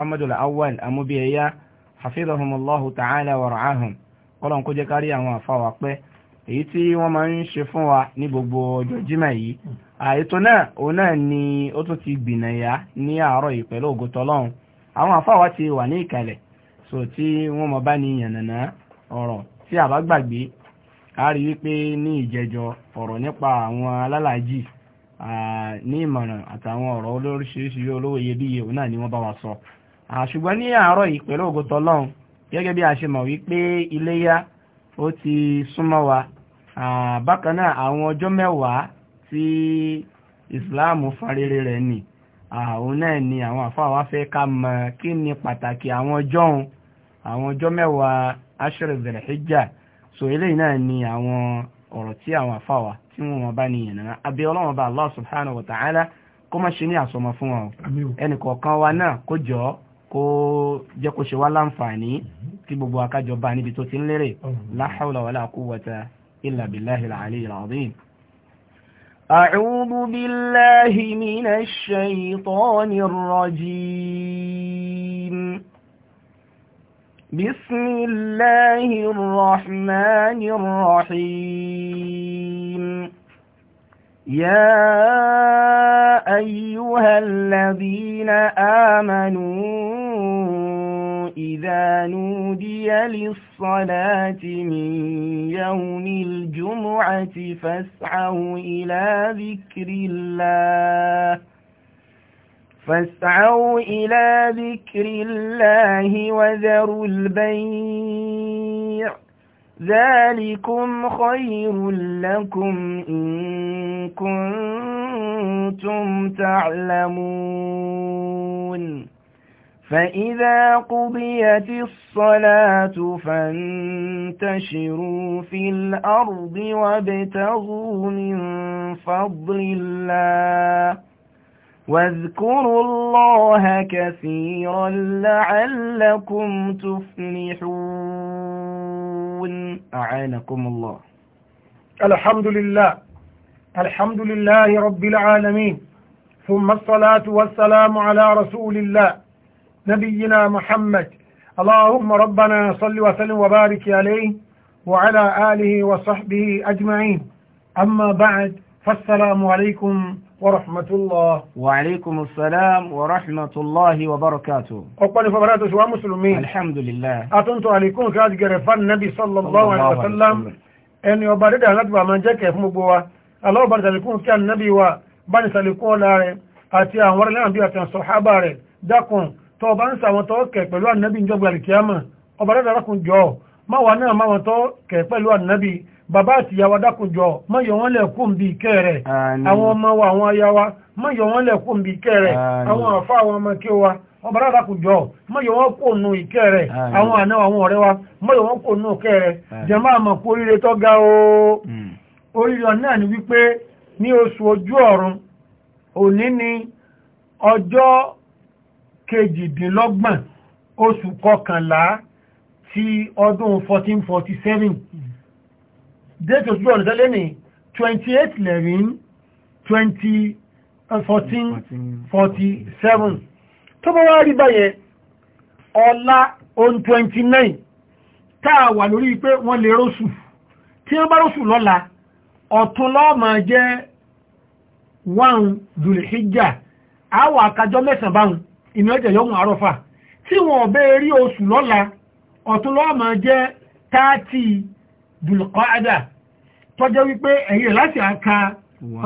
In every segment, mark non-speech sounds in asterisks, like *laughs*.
Muhammadu al-awwal amúbíyẹyà hafidhahumullahu ta'ala wa ra'ahum kọ́lọ̀n kó jẹ́ kárí àwọn àfáwà pẹ́ èyí tí wọ́n máa ń ṣe fún wa ní gbogbo ọjọ́ jímà yìí àìtò náà òun náà ni ó tún ti gbìnàyà ní àárọ̀ yìí pẹ̀lú ògo tọ́lọ́run àwọn àfáwà ti wà ní ìkàlẹ̀ so tí wọ́n mọ̀ bá ní yànnàná ọ̀rọ̀ tí a bá gbàgbé a rí wípé ní ìjẹjọ ọ̀rọ̀ nípa àwọn alálàájì ní ìmọ̀ràn àtàwọn ọ̀rọ̀ olóríṣiríṣi olówó iyebíye òun náà ni wọ́n bá wa sọ so àṣùgbọ́n ní àárọ̀ yìí pẹ̀lú ògùtọ̀ ọlọ́run gẹ́gẹ́ bí a ṣe mọ̀ wípé iléyá ó ti súnmọ́ wa bákan náà àwọn ọjọ́ mẹ́wàá tí ìsìláàmù farere rẹ̀ nì àwọn náà ni àwọn àfáwà fẹ́ ká mọ̀ kí ni pàtàkì àwọn ọjọ́ òun àwọn ọjọ́ mẹ́wàá ashra Dhul-Hijjah so eléyìí náà ni àwọn ọ̀rọ̀ tí àwọn àfáwà tí wọ́n bá ní ìyànnà abẹ́ ọlọ́wọ́n bá Allah subhanahu wa ta'ala kó má ṣe ní àsọmọ fún wọn ẹnì kọ̀ọ̀kan wa náà kó jọ ọ́ kó jẹ́ kó ṣe wá láǹfààní kí gbogbo akájọba níbi tó ti ń lérè la hawla wala quwwata illa billahi al-ali al-azim أعوذ بالله من الشيطان بسم الله الرحمن الرحيم يا أيها الذين آمنوا إذا نودي للصلاة من يوم الجمعة فاسعوا إلى ذكر الله فاسعوا إلى ذكر الله وذروا البيع ذلكم خير لكم إن كنتم تعلمون فإذا قضيت الصلاة فانتشروا في الأرض وابتغوا من فضل الله واذكروا الله كثيرا لعلكم تفلحون أعانكم الله الحمد لله الحمد لله رب العالمين ثم الصلاة والسلام على رسول الله نبينا محمد اللهم ربنا صل وسلم وبارك عليه وعلى آله وصحبه أجمعين أما بعد فالسلام عليكم ورحمة الله وعليكم السلام ورحمة الله وبركاته أقبل فبرات سواء مسلمين الحمد لله أتنت عليكم كاد جرفان النبي صلى الله عليه وسلم أن يبارد على أدوى من جاك في مبوا الله بارد عليكم كان النبي وبني سالكم لاري أتي أنور الأنبياء أتي الصحابة داكم توبان سوى توكك بلو النبي نجوب الكيامة وبارد لكم جو ما وانا ما وانتو كيف بلو النبي bàbá àti ìyàwó dákùnjọ mọ wọ́n lẹ̀ kó ń bí ìkẹ́ rẹ̀ àwọn ọmọ wa àwọn aya wa mọ́yọ̀ wọ́n lẹ̀ kó ń bí ìkẹ́ rẹ̀ àwọn àfá àwọn ọmọ kí wa ọba dákùnjọ mọ́yọ̀ wọ́n kó nù ìkẹ́ rẹ̀ àwọn àna àwọn wa mọ́yọ̀ wọn kó nù ìkẹ́ rẹ jẹ́mọ́ àmọ̀ kó ga o hmm. oríire náà ni wípé ní oṣù ojú ni oṣù 1447 déètì oṣù ọ̀nà tẹ́lẹ̀ ní 28 lẹ́rin 1447 tó bá wá rí báyẹn ọ̀la on 29 táà wà lórí pé wọ́n lè róṣù tí wọ́n bá róṣù lọ́la ọ̀tún lọ́ọ̀mà jẹ́ 1 dùlẹ̀híjà àwọ̀ àkàjọ mẹ́sàn báhùn ìmọ̀ ẹ̀jẹ̀ yọ́mù àrọ́fà tí wọ́n bẹ́ẹ̀ rí oṣù lọ́la ọ̀tún lọ́ọ̀mà jẹ́ 30 dùlùkọ́ádà tọ́jọ́ wípé ẹ̀yìn láti àka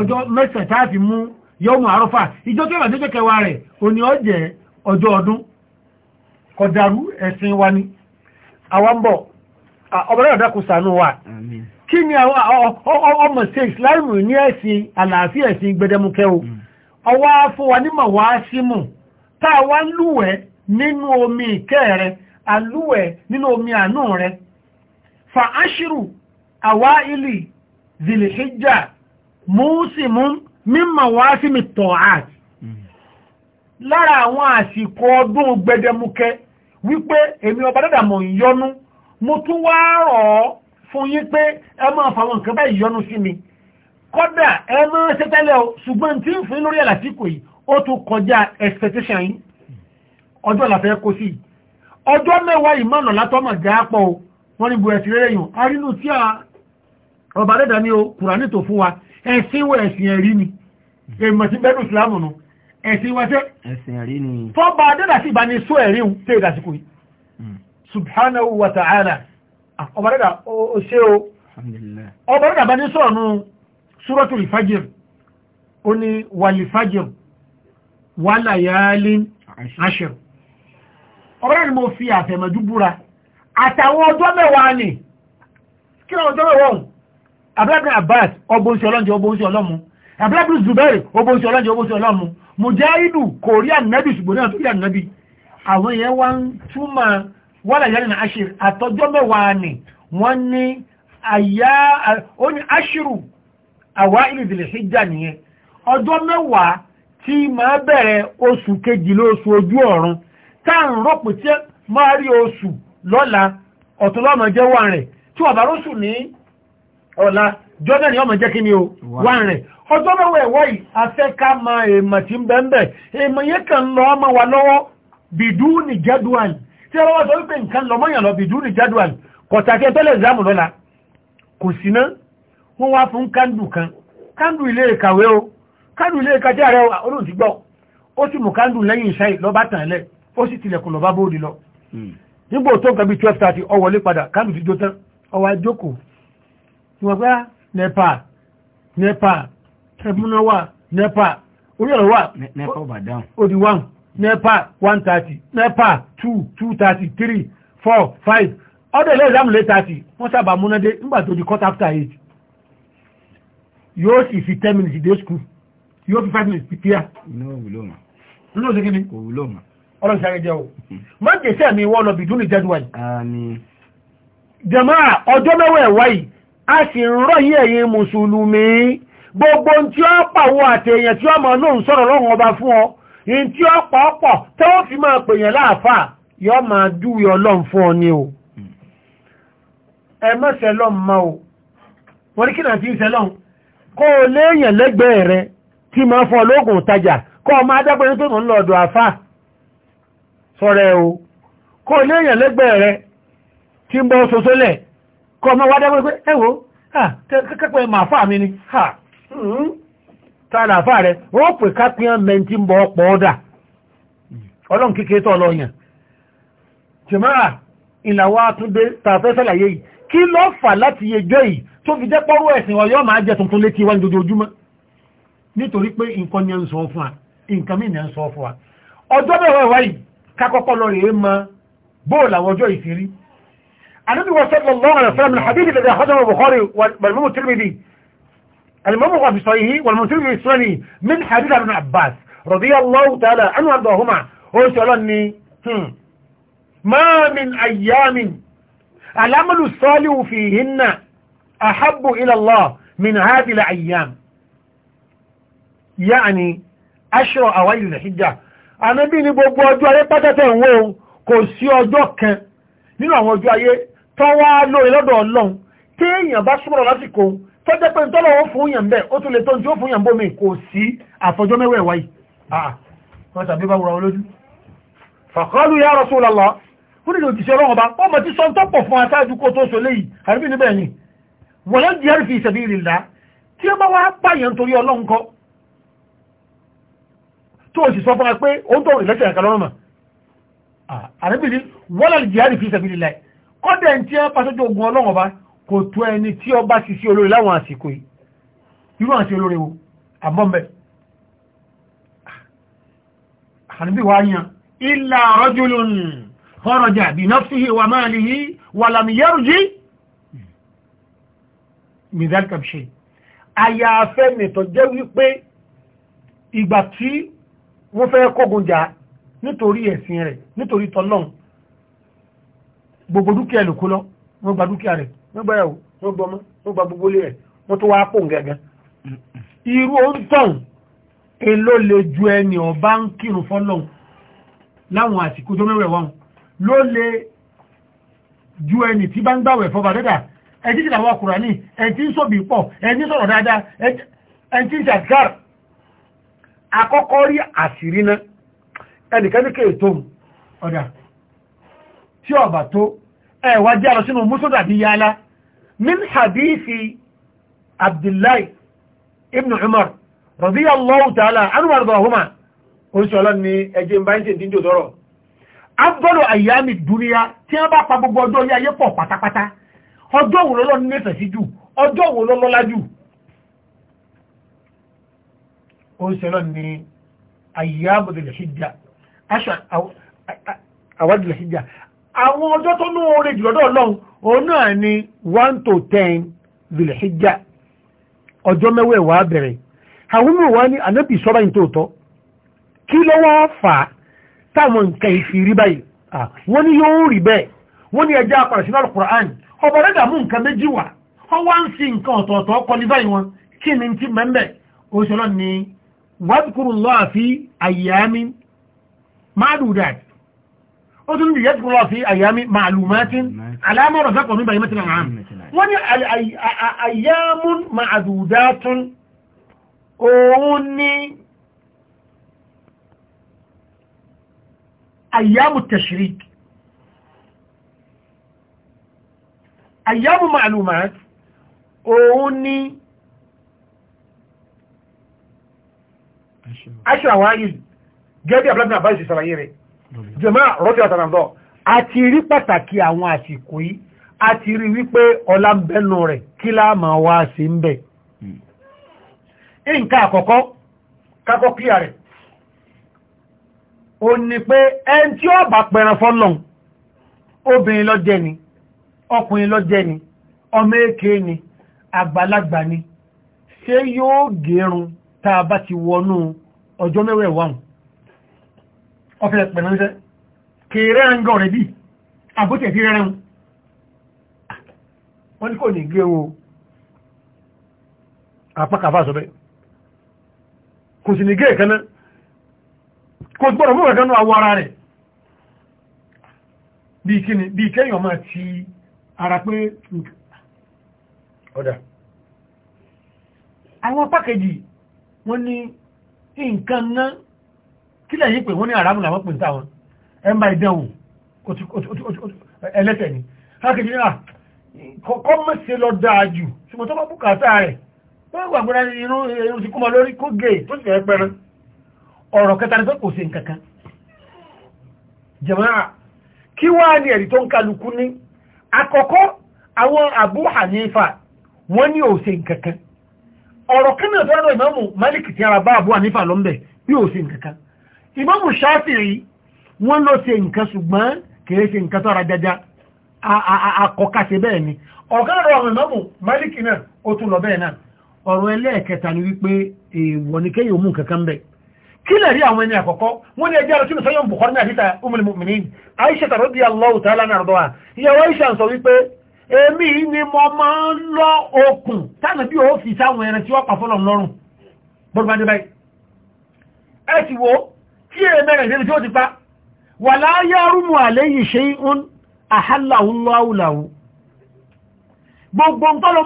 ọjọ́ mẹ́sẹ̀ táàfi mú yọ́mù àrọ́fà ìjọ kẹwàá tó kẹwàá rẹ̀ òní ọjẹ́ ọjọ́ ọdún kọ̀dàrú ẹ̀sìn wa ni àwọ̀mbọ̀ ọbẹ̀rẹ̀ ọ̀dá wa ọmọ o mm. omi ìkẹ́ rẹ̀ aluwe ninu omi anu re fa'ashiru awaili zilhijja musimun mímọ̀ wá sí mi tọ̀át lára àwọn àsìkò ọdún gbẹdẹmukẹ wípé èmi ọba dádà mọ̀ ń yọnu mo tún wá rọ̀ ọ́ fún yín pé ẹ máa fàwọn nǹkan báyìí yọnu sí mi kọ́dà ẹ máa ṣe tẹ́lẹ̀ ṣùgbọ́n tí ń fún lórí àlàsíkò yìí ó tún kọjá expectation yín ọjọ́ làfẹ́ kó sí ọjọ́ mẹ́wàá ìmọ̀nà látọ́mọ̀ jápọ̀ o wọ́n ní bu ẹ̀sìn rere yùn a tí a ọba lẹ́dà ní o kùránì tó fún wa ẹ̀sìn wọ ẹ̀sìn ẹ̀rí ni èèmọ̀ sí bẹ́nu ìsìlámù nù ẹ̀sìn wa tẹ́ ẹ̀sìn sí ìbáni só ẹ̀rí tẹ́ ìdásíkò yìí hmm. subhanahu wa ta'ala ah, ọba lẹ́dà ó ṣe o ọba lẹ́dà bá ní sọ̀rọ̀ nù súrọ́tù fajr ó ní wàlì fajr wàlàyálin ọba lẹ́dà ni mo fi àfẹ̀mọ̀jú búra àtàwọn ọjọ́ mẹ́wàá nì kí náà ọjọ́ mẹ́wàá ọ̀hún abúlábìn abbas ọgbóhùnsí ọlọ́njẹ́ ọgbóhùnsí ọlọ́mu abúlábìn zubair ọgbóhùnsí ọlọ́njẹ́ ọgbóhùnsí ọlọ́mu mujahidu kò rí ànábì ṣùgbọ́n náà tó rí àwọn yẹn wá ń túmọ̀ ashir àtọjọ́ mẹ́wàá nì wọ́n ní àyà ó ní ashiru àwa ìlìdìlẹ̀ hijja nìyẹn ọjọ́ mẹ́wàá tí máa bẹ̀rẹ̀ oṣù kejìlá oṣù ojú ọ̀run táà ń rí oṣù lọ́la ọ̀tún lọ́mọ jẹ́ wà rẹ̀ tí wà bá rọ́ṣù ní ọ̀la jọ́nà ni ọmọ jẹ́ kí ni o wà rẹ̀ ọjọ́ ẹ̀wọ́ yìí afẹ́ ma èèmọ̀ tí ń bẹ́ẹ̀ èèmọ̀ yẹ kàn lọ ọmọ wa lọ́wọ́ bìdú ní jadwal tí ẹ̀rọ wọ́n sọ wípé nǹkan lọ mọ́yàn lọ bìdú ní jadwal kọ̀tàkì ẹ̀tọ́lẹ̀ ìzámù lọ́la kò sí ná wọ́n wá fún kándù kan kándù ilé ìkàwé o kándù ó sì mú kándù lẹ́yìn iṣẹ́ lọ́ba tàn lẹ̀ ó sì tilẹ̀kùn lọ́ba bóòdì lọ hmm nígbò tó nǹkan bí 12:30 ó wọlé padà káàmù ti jó tán ó wá jókòó tí wọ́n pẹ́ nepa nepa ẹ̀múná wà nepa orí ọ̀rọ̀ wà nepa ó bà dáhùn ó di 1 nepa 1:30 nepa 2 2:30 3 4 5 ọdọ̀ ilé ìdámù lé 30 wọ́n sábà múnádé nígbà tó di cut after 8 yóò sì fi 10 minutes dé school yóò fi 5 minutes pípíà. inú òwúlò mà. inú òsèkínní. òwúlò mà ọlọ́run sáré jẹ́ o má jẹ́sẹ́ mi wọ́n lọ bìdún ní jẹ́dùwà yìí jàmáà ọjọ́ mẹ́wàá ẹ̀wá yìí a sì ń rọ̀ yí ẹ̀yin mùsùlùmí gbogbo tí ó pàwọ́ àtẹ̀yàn tí ó mọ̀ lóhùn sọ̀rọ̀ lọ́hùn ọba fún ọ in tí o ẹ mọ́sẹ̀ lọ́n ma o wọ́n ní kí náà ti ń sẹ́lọ́n kó o léèyàn lẹ́gbẹ̀ẹ́ rẹ tí máa fọ́ lóògùn tajà kó o máa dágbẹ́rẹ́ tó ń lọ́ọ̀dọ̀ àfáà sọ́rẹ́ o kó lé èèyàn lẹ́gbẹ̀ẹ́ rẹ tí ń bọ́ soso lẹ̀ kọ́ ọmọ wá dábọ́ pé ẹ̀wọ́ kẹ́kẹ́ mà fà mí ni hmm, ta là fà rẹ ó pè kápíán mẹ́ntì ń bọ́ ọ̀pọ̀ ọ̀dà ọlọ́run kékeré tọ́ lọ yàn tìmọ́ra ìlàwọ́ àtúndé tàfẹ́ sàlàyé yìí kí ló fà láti yejọ́ yìí tó fi dẹ́pọ́rú ẹ̀sìn ọ̀yọ́ máa jẹ tuntun létí wá lójoojúmọ́ nítorí pé nǹkan ni ẹ ń sọ fún wa nǹkan mìíràn ń sọ fún wa ọjọ́ bẹ̀rẹ̀ wáyìí kakọ́kọ́ lọ rèé ma bóòlù àwọn ọjọ́ ìfìrí anábì wa sallallahu alaihi wasallam al-hadith alladhi akhrajahu al-bukhari wal-imam at-tirmidhi al-imam fi sahihi wal-imam at-tirmidhi fi sunanihi min hadith ibn abbas radiyallahu ta'ala anhu arḍahuma ó ànábì ní gbogbo ọjọ́ ayé pátátẹ̀ ìwọ̀ òun kò sí ọjọ́ kan nínú àwọn ọjọ́ ayé tó wá lórí lọ́dọ̀ ọlọ́run tí èèyàn bá súnmọ́rọ̀ lásìkò tó jẹ́ pé ń tọ́lọ̀ wọn fún yàn bẹ́ẹ̀ ó tún lè tó ń tí ó fún yàn bómi kò sí àfọjọ́ mẹ́wẹ̀ẹ́ ah, wáyé ya Rasulullah fún ìlú òjìṣẹ́ ọlọ́run ọba ọmọ tí sọ ń tọ́pọ̀ fún aṣáájú kó tó sọ léyìí àríbí níbẹ̀ ni wọ́n lọ́n jẹ́ fi sabilillah tó o sì sọ fún wa pé ó tó ìlẹ́sẹ̀ ẹ̀ka lọ́rùn mọ̀ àrẹ́bìnrin wọ́n lọ́lẹ̀ jihadi fi sẹ́bìlì láì kọ́dẹ̀ ń tí ẹ pàṣẹjọ ogun ọlọ́run ọba kò tó ẹni tí ọba sì sí olórí láwọn àsìkò yìí irú àti olórí wo àbọ̀m̀bẹ̀ ìgbà tí wọ́n fẹ́ kógun jà nítorí ẹ̀sìn rẹ̀ nítorí tọ́lọ́n gbogbo dúkìá ló kó lọ wọ́n gba dúkìá rẹ̀ wọ́n gba ẹ̀wò wọ́n gba ọmọ wọ́n gba gbogbo ilé rẹ̀ wọ́n tó wá pò ń gẹ̀gẹ́ irú òǹtọ̀n èló lè ju ẹni ọba ń kírun fọ́lọ́n láwọn àsìkò tó mẹ́wẹ̀ wọn ló lè ju ẹni tí bá ń gbàwẹ̀ fọ́ba dẹ́dà ẹni tí ti làwọn Kùránì ẹni tí ń sọ̀bì pọ̀ ẹni tí ń sọ̀rọ̀ dáadáa ẹni tí ń ṣàkárì akọ́kọ́ rí àṣírí náà ẹnìkan ní kéè tó ọ̀dà tí ọ̀bà tó ẹ̀wà jẹ́ àrọ̀ sínú mùsùlùmí àbí yálà min hadithi abdullahi ibn umar radiyallahu ta'ala anwar dọ̀húnmá oríṣi ọlọ́run ni ẹjẹ́ ń bá ń ṣe díndò dọ́rọ̀ agbọ́dọ̀ àyàmì dúníyà tí wọ́n bá pa gbogbo ọjọ́ ilé ayé pọ̀ pátápátá ó ń sẹ́lọ̀ ní ayyamu dhil hijja àwọn dhil hijja àwọn ọjọ́ tó ní oore jùlọ dọ̀ lọ́hùn òun náà ni one to ten dhil hijja ọjọ́ mẹ́wẹ́ wàá bẹ̀rẹ̀ àwọn mọ̀ wá ní anábì sọ́bà yìí tóòtọ́ kí ló wá fà á táwọn nǹkan ìfìrí báyìí wọ́n ní yóò rí bẹ́ẹ̀ wọ́n ní ẹja àpàrẹ̀sínà Al-Qur'an ọba rẹ̀ dàmú nǹkan méjì wà wọ́n wá ń fi nǹkan ọ̀tọ̀ọ̀tọ̀ kọ́ ní báyìí wọn kí ni ti mẹ́mẹ́ òṣèlú ni واذكروا الله في أيام معدودات أذن يذكر الله في أيام معلومات على ما رزقه من بهيمة الأنعام أيام معدودات أوني أيام التشريك أيام معلومات أوني aṣọ àwọn ayé gẹ́gẹ́ abúlábìnà bá ṣe sàlàyé rẹ̀ jẹ́mọ́ rọ́tí àtàràndọ́ àti rí pàtàkì àwọn àsìkò yìí àti rí wípé ọlá ń bẹ́nu rẹ̀ kí láàmà wá sí ń bẹ̀ nǹkan àkọ́kọ́ kákọ́ kíyà rẹ̀ ó ní pé ẹn tí ó bá pẹran fọ́lọ́n obìnrin ló ni ọkùnrin ló jẹ́ ni ọmọ èké ni àgbàlagbà ni ṣé yóò gẹrun tá a bá ti wọnú ọjọ́ mẹ́wẹ̀ wáhùn ọ̀fẹ́lẹ̀ pẹ̀lẹ́sẹ́ kèrè ẹ̀ngọ́ rẹ̀ bí àbútẹ̀ fi rẹ̀rẹ̀ wọ́n ní kò ní gé o àpákàfà sọ bẹ́ kò sì ní kò gbọ́rọ̀ àwọ ara rẹ̀ bí kíni bí kẹ́yàn máa ti ara pé ọ̀dà àwọn pákẹ́jì wọ́n ní nǹkan ná kílẹ̀ yìí pé wọ́n ní àràmù làwọn pè ń táwọn ẹ̀ ń bá ìdánwò ẹlẹ́tẹ̀ ni hákejì náà kọ́ mọ̀ sí lọ dáa jù ṣùgbọ́n tó bá bùkátà rẹ̀ wọ́n gbà gbọ́dá irun irun ti kú mọ lórí kó gé tó Abu Hanifa wọ́n ní ọ̀rọ̀ kánà tó rọ ìmáàmù Malik ti ara bá àbú ànífà lọ́mbẹ̀ yóò ṣe nǹkan kan ìmáàmù Ṣáfi'í wọ́n lọ ṣe nǹkan ṣùgbọ́n kìí ṣe nǹkan tó ara jaja bẹ́ẹ̀ ni ọ̀kan àwọn ìmáàmù Malik náà ó tún lọ bẹ́ẹ̀ náà ọ̀rọ̀ ẹlẹ́ẹ̀kẹta ni wípé èèwọ̀ ni kéyìí òmù nǹkan kan bẹ́ẹ̀ kí lè rí àwọn ẹni àkọ́kọ́ wọ́n ní Aisha radiyallahu èmi ni mo máa ń lọ okùn tánà bí ó fi sáwọn ẹran tí wọ́n pa fọ́lọ̀ lọ́rùn bọ́dúnbádé báyìí ẹ ti wo tí èmi rẹ̀ ìdẹ́ni tí ó ti pa wà láyé arúmù àléyìn ṣe ń àhálàúláwùláwù gbogbo ń tọ́lọ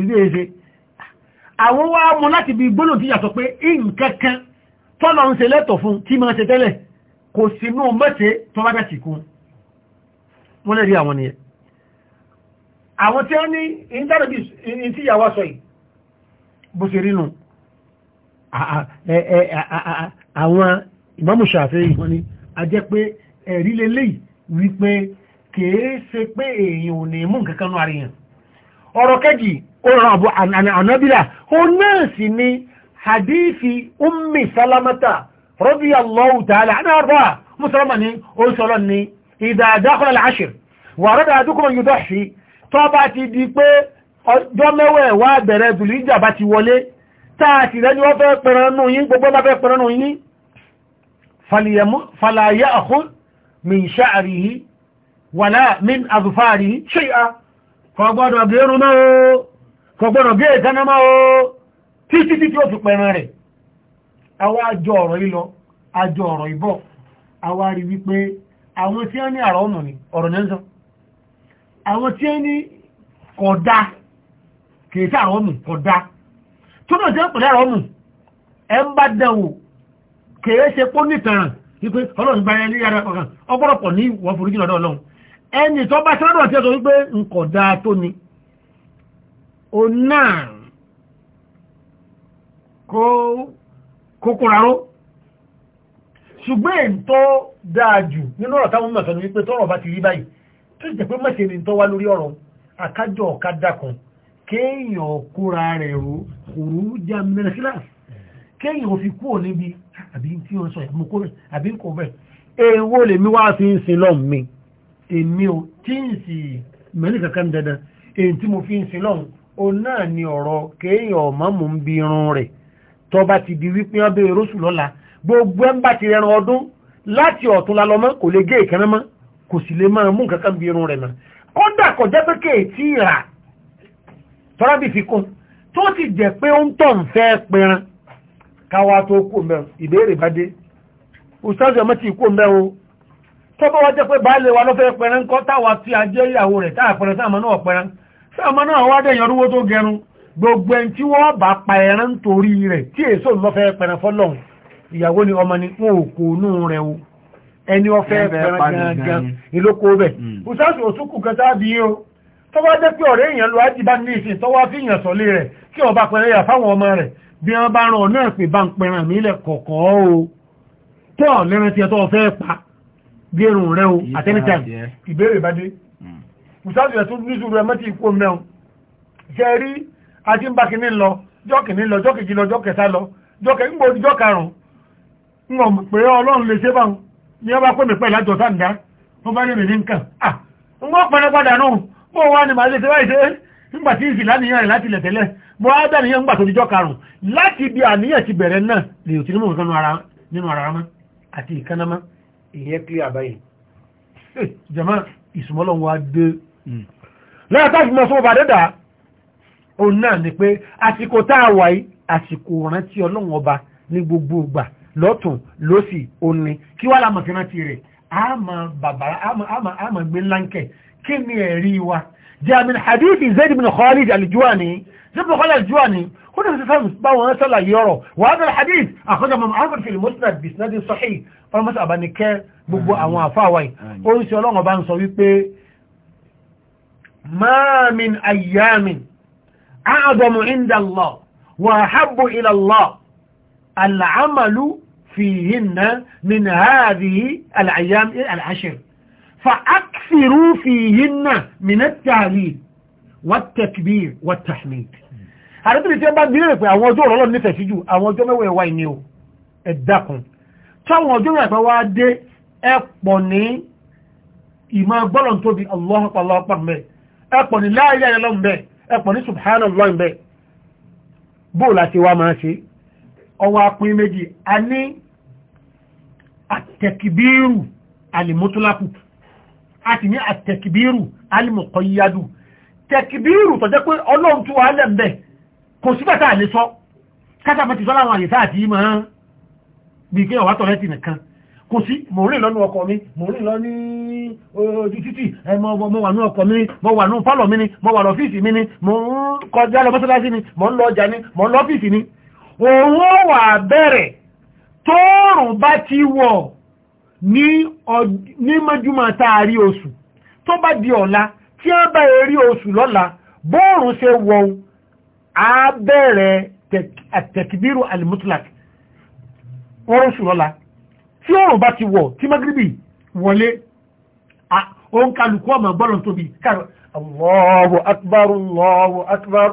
èéṣe àwọn wá mú láti bí gbónà tí yàtọ̀ pé nǹkankan tọ́lọ ń ṣe lẹ́tọ̀ fún tí máa ṣe tẹ́lẹ̀ kò sí inú mẹ́tẹ́ tó bá bẹ́ẹ̀ kún wọ́n lè rí àwọn nìyẹn àwọn tí ó ní ìdáròbí tí ìyàwó sọ a jẹ́ pé ẹ̀rí lélẹ́yìí wípé kèé ṣe pé èèyàn ò ní mú nǹkankan nú ọ̀rọ̀ kejì ọ̀rọ̀ àbọ̀ ànábílà ó náà sì ni hadithi ummi salamata radiyallahu ta'ala ana arba musulman ni ó sọ́lọ́ ni ìdàdákọ́lá al-ashr wà rọ́dà àdúkùn yudọ́ṣì tó bá ti di pé ọjọ́ mẹ́wẹ̀ wà bẹ̀rẹ̀ dùlíjà bá ti wọlé táàtì rẹ̀ ni wọ́n fẹ́ pẹ̀rẹ̀nù yín kọ̀gbọ́nà gé ìdánámá o títí títí ó fi pẹ̀rẹ̀ rẹ̀ àwọn àjọ ọ̀rọ̀ ìlọ àjọ ọ̀rọ̀ ìbọ̀ àwọn àrí wípé àwọn tí ó ní àrọ̀ ọ̀nà ni ọ̀rọ̀ nẹ́sọ àwọn tí ó ní kọ̀dá kèèsà àrọ̀ ọ̀mù kọ̀dá tó náà jẹ́ pẹ̀lú àrọ̀ ọ̀mù ẹ ń bá dẹ̀wò kèèsè pó nìtàràn wípé ọlọ́run bá ẹni yára ọ̀gàn ọgbọ́rọ̀pọ̀ ní ìwọ̀n foríjì lọ́dọ̀ ọlọ́run ẹni tó bá sọ́dọ̀ tí ó sọ wípé nkọ̀dá tó ni òun náà kó kókóraró ṣùgbọ́n èyí tó dáa jù nínú ọ̀rọ̀ táwọn mọ̀ sọ́nà wípé tọ́rọ̀ bá ti rí báyìí tó jẹ́ pé mọ̀ṣẹ́ ni tó wá lórí ọ̀rọ̀ akájọ ọ̀kadà kan kéèyàn kóra rẹ̀ ró kòrú jamiu síláàsì kéèyàn fi kúrò níbi àbí tí wọ́n sọ ìmúkó rẹ̀ àbí kò bẹ́ẹ̀ èèwọ̀ lèmi wá sí ń sin lọ́ọ̀ mi èmi ò tí ń sì mẹ́lì kankan dandan èyí tí mo fi ń sin lọ́ọ̀ òun náà ni ọ̀rọ̀ kéèyàn ọ̀mọ́mù ń bi irun rẹ̀ tó bá ti di wípé wọ́n bẹ̀rẹ̀ róṣù lọ́la gbogbo ẹ̀ ń bá ti rẹran ọdún láti ọ̀tún la lọ́mọ́ kò lè gé ìkànnà mọ́ kò sì lè máa mú nǹkan kan bí irun rẹ̀ náà kódà kò jẹ́ pé kéètì rà tọ́lá bí fi kún tó ti jẹ́ pé ó ń tọ̀ ń fẹ́ pẹran káwa tó kú mẹ́ ìbéèrè bá dé ustaz ọmọ ti kú mẹ́ o tọ́bọ̀ wá jẹ́ pé baálé wa ló pẹran kọ́ táwa tí a ìyàwó rẹ̀ táà pẹran táà mọ́ náà pẹran sáàmọ́ náà wá dẹ̀yàn orúwó tó gẹrun gbogbo ẹni tí wọ́n bá pa ẹran torí rẹ̀ tí èso lọ́fẹ́ pẹ̀rẹ̀ fọ́lọ́hun ìyàwó ni ọmọ ni wọn ò kò nú rẹ̀ o ẹni ọfẹ́ pẹ̀rẹ̀ gangan ìlókò bẹ̀ òṣàṣù hmm. òṣùkù kẹta bí o tó wá jẹ́ pé ọ̀rẹ́ èèyàn lọ ájì bá ní rẹ̀ bí wọ́n rẹ̀ o àtẹ́nìtàn ìbéèrè bá mùsáàdù yẹn tó ní sùúrù ẹ mẹ́tì ikú mẹ́un ṣe rí ajé ń bá kìíní lọ jọ́ kìíní lọ jọ́ kejì lọ jọ́ kẹta lọ jọ́ kẹ ńgbò jọ́ karùn-ún ń wọ̀n pé ọlọ́run lè ṣe báwọn ní ọba pé mi pẹ́ ìlàjọ sáǹdá wọ́n bá ní mi ní nǹkan ah ń wọ́n pẹ́rẹ́ padà nù bó wà ní màá lè ṣe báyìí ṣe nígbà tí ìsìn láníyàn rẹ̀ láti ilẹ̀ tẹ́lẹ̀ bó á dà níyàn ńgbà tó di jọ́ karùn-ún láti ibi àníyàn ti bẹ̀rẹ̀ náà lè ò ti nínú nǹkan nínú ara mọ́ àti ìkànnà mọ́ ìyẹn clear báyìí jama ìsúmọ́lọ́wọ́ á Hmm. lẹ́yìn táàfin mọ́ sọ́wọ́ bàdẹ́dà òun náà ni pé àsìkò tá a wà yìí àsìkò rántí ọlọ́run ọba ní gbogbo ìgbà lọ́tùn lósì òní kí wàá lámọ̀ fi rántí rẹ̀ àmà gbé láńkẹ̀ kí ni ẹ̀rí wa jẹ́min hadithi zayd bin khalid al-juwani zayd bin khalid al-juwani ó ní sísan bá wọn sọ́làyé ọ̀rọ̀ wàá bẹ̀rẹ̀ hadith àkọ́jà mọ́mọ́ ahmed fil musnad bisnadin sahih fọlọ́mọ́sà àbánikẹ́ gbogbo àwọn àfáwáì ó ń ṣe ọlọ́run ọba ما من أيام أعظم عند الله وأحب إلى الله العمل فيهن من هذه الأيام العشر فأكثروا فيهن من التعليل والتكبير والتحميد àrẹ́bìnrin tí ó bá gbìyànjú pé àwọn ọjọ́ ọ̀rọ̀lọ́ nífẹ̀ẹ́ sí jù àwọn ọjọ́ mẹ́wàá ẹ̀wà ìní o ẹ̀dàkùn táwọn ọjọ́ ìrìnàpá wá dé ẹ̀pọ̀ ní ìmọ̀ gbọ́lọ̀ tóbi Allah ẹ̀pọ̀ ní la ilaha illallah ń bẹ ẹ̀pọ̀ ní subhanallah ń bẹ bóò láti wá máa ṣe ọwọ́ apin méjì a ní àtẹ̀kìbírù alìmútúlápù a sì ní àtẹ̀kìbírù alìmọ̀kọ̀yádù tẹ̀kìbírù tọ́jẹ́ pé ọlọ́run tó wà lẹ́ ń bẹ kò sí mò ń rìn lọ́nu ọkọ̀ mi mò ń rìn lọ ní ojú títì mo wà ní ọkọ̀ mi ni mo wà ní pálọ̀ mi ni mo wà lọ́fíìsì mi ni mo ń kọjá lọ mọ́sálásí ni mo ń lọ ọjà ni mo ń lọ́fíìsì ni òun wà bẹ̀rẹ̀ tóòrùn bá ti wọ̀ ní mọ́júmọ́ táàrí oṣù tó bá di ọ̀la tí a bá rí oṣù lọ́la bóòrùn ṣe wọ̀ a bẹ̀rẹ̀ tẹ̀kìbírù alimutlak oṣù lọ́la tí oòrùn bá ti wọ̀ tí magribi wọlé òun kálukú ọmọ gbọ́dọ̀ tóbi káàrọ̀ Allahu akbar Allahu akbar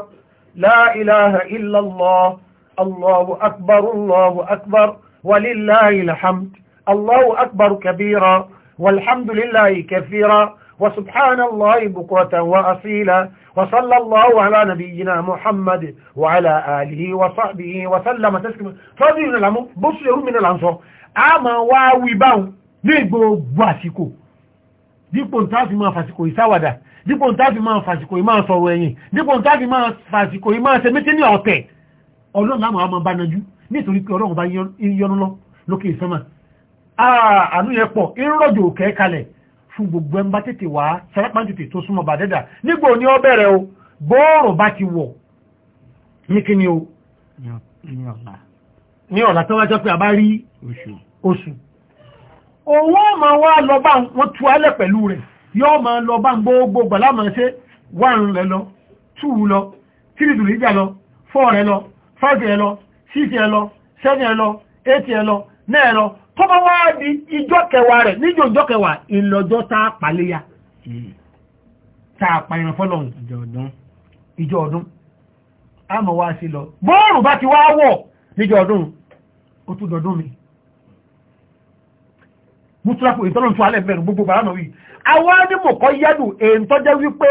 la ilaha illa Allah Allahu akbar Allahu akbar walillahi alhamd Allahu akbar kabira walhamdulillahi kathira وسبحان الله بكرة وأصيلا وصلى الله على نبينا محمد وعلى آله وصحبه وسلم تسليما فاضي من العمو بصر من العنصر a ma wá wí báhùn ní gbogbo àsìkò dípò tàbí máa fàsìkò ìsáwàdà dípò tàbí máa fàsìkò ìmá sọ̀rọ̀ ẹ̀yìn dípò tàbí máa fàsìkò ìmá sẹmẹ́tẹ́ ní ọ̀tẹ̀ ọlọ́run láwọn ọmọ bá nájú nítorí pé ọlọ́run bá yọnu lọ lókè ìsánmà àánú yẹn pọ̀ ìrọ́jò kẹ́kalẹ̀ fún gbogbo ẹmbá tètè wá sárápá tètè tó súnmọ́ bà dẹ́dà ní ọ̀la tó wájọ́ pé a bá rí oṣù oṣù òun ọmọ wa lọ wọn tú alẹ́ pẹ̀lú rẹ̀ ma lọ gbogbo gbàlá máa ṣe one rẹ lọ two lọ three to lọ four lọ five rẹ lọ six rẹ lọ seven rẹ lọ eight rẹ lọ nine lọ tó bá wá di ìjọ kẹwàá rẹ̀ níjọ ìjọ kẹwàá ìlọ́jọ́ tá a pàléyà hmm. tá a a mọ̀ ti mi mútúrápù ìtọ́lọ̀ tó alẹ́ mẹ́rin gbogbo bàránà wí àwọn anímọ̀kọ́ yẹ́dù èyí tó jẹ́ wípé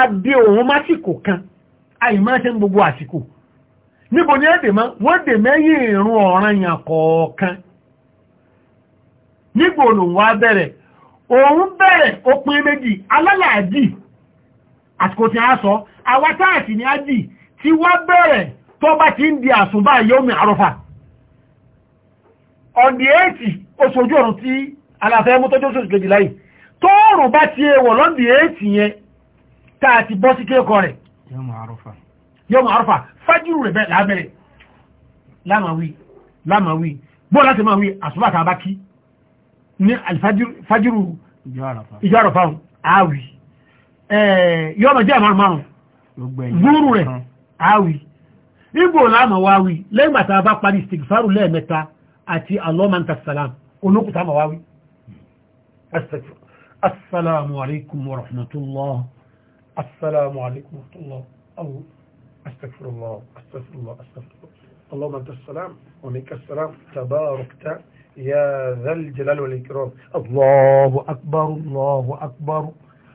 adé òun másìkò kan àìmáṣẹ́ gbogbo àsìkò níbo ni ẹ́dè mọ́ wọ́n dè mẹ́yìn ìrún ọ̀ràn yàn kọ̀ọ̀kan nígbò wá bẹ̀rẹ̀ òun bẹ̀rẹ̀ òpin méjì alálàájì àsìkò a sọ àwátáàtì ni ájì tí wá bẹ̀rẹ̀ tó bá ti ń di àsùnbà yóò àrọ́fà on the 8 oṣù ojú ọ̀run tí aláfẹ́ mú tọ́jú oṣù kejì láyìí tóòrùn bá ti wọ̀ lọ́ndì èétì yẹn tá a ti bọ́ sí kéèkọ́ rẹ̀ yọmọ àrùfà fájúrù rẹ̀ bẹ́ẹ̀ lábẹ́rẹ̀ lámàwí lámàwí bọ́ láti máa wí àsùbà tá a bá kí ní alifájúrù ìjọ àrùfà àwì yọmọ jẹ́ àmàrùn márùn zúrù rẹ̀ àwì igbó lámàwá wí lẹ́yìn ونقطة مواوي أستكفر السلام عليكم ورحمة الله السلام عليكم ورحمة الله أو أستغفر الله أستغفر الله أستغفر الله اللهم أنت السلام ومنك السلام تباركت يا ذا الجلال والإكرام الله أكبر الله أكبر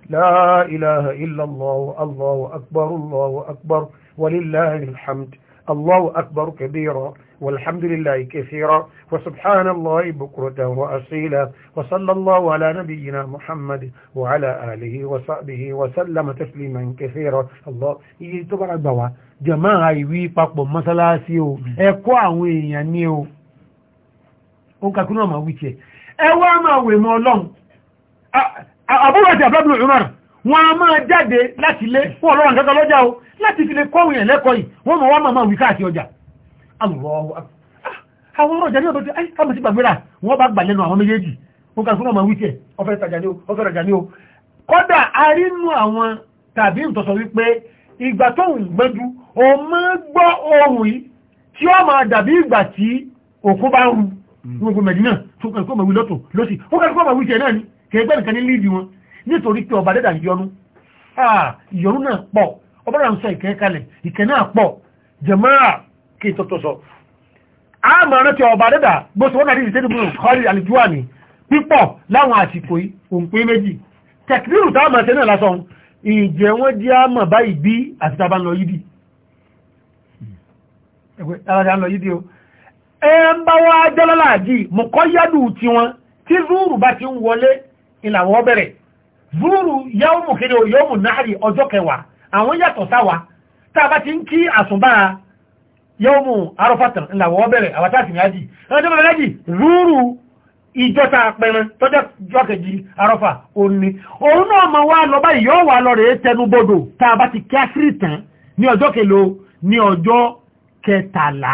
لا إله إلا الله الله أكبر الله أكبر ولله الحمد الله أكبر كبيرا والحمد لله كثيرا وسبحان الله بكرة وأصيلا وصلى الله على نبينا محمد وعلى آله وصحبه وسلم تسليما كثيرا الله يتبع الدواء جماعة يويبك بمسلاسي ẹ̀kọ́ àwọn èèyàn ní o ó ń kakúnnà ma wíkẹ́ ẹ wá máa wè mọ́ ọlọ́run àbúrò àti àbábùn Umar wọn a máa jáde láti lé fún ọlọ́run kẹ́kọ́ lọ́jà o láti fi lè kọ́wìn ẹ̀lẹ́kọ́ yìí wọ́n mọ̀ wá máa wí káàkiri ọjà Ah, àwọn ọ̀rọ̀ jẹ́rí ọ̀tọ́tí ẹ́ kàmù sí gbàgbéra wọ́n bá gbà lẹ́nu àwọn méjèèjì wọ́n kàfún ọmọ wíkẹ̀ ọ̀fẹ́ ìtajà ní o ọ̀fẹ́ ìtajà ní o kọ́dà arínú àwọn tàbí ìtọ̀sọ wípé ìgbà tó ń gbẹ́jú o máa gbọ́ ohùn yìí tí ó máa dàbí ìgbà tí òkú bá rú gbogbo hmm. mẹ̀dínà tó kàfún ọmọ wí lọ́tọ̀ lọ́sì ó kàfún ọmọ wíkẹ̀ náà ni kẹgbẹ́ nìkan ní líìdì wọn nítorí pé ọba dẹ́dà yọnu ah, ìyọnu náà pọ̀ ọba náà ń sọ ìkẹ́ kalẹ̀ ìkẹ́ náà pọ̀ jẹ̀mọ́ra kí tó tó sọ a máa rántí ọba dẹ́dà bó ṣe wọ́n náà rí ìṣẹ́jú bùrù kọ́lì àlùjúwà ní pípọ̀ láwọn àsìkò yìí òǹpé méjì tẹ̀kìrìrù tá a máa ṣe náà lásán ìjẹ́ wọ́n jẹ́ a mọ̀ báyìí bí àti tá a bá ń lọ yídì ẹ ń bá wá jọ́lọ́lá àjì mọ̀kọ́ yádù tiwọn tí zúùrù bá ti ń wọlé ìlàwọ̀ bẹ̀rẹ̀ zúùrù yáwó mùkéde yóò mù náà rí ọjọ́ kẹwàá àwọn yàtọ̀ sáwa tá ti ń kí àsùnbára yọ́mù arọ́fàtàn ńlá wọ́ bẹ̀rẹ̀ àwátàsì ní ájì ẹni tó bẹ̀rẹ̀ ájì rúrù ìjọta tọ́jọ́ arọ́fà òní òun náà ma wá lọ báyìí yọ́ wà tẹnubodò bá ti kí tán ní ọjọ́ kelo ní ọjọ́ kẹtàlá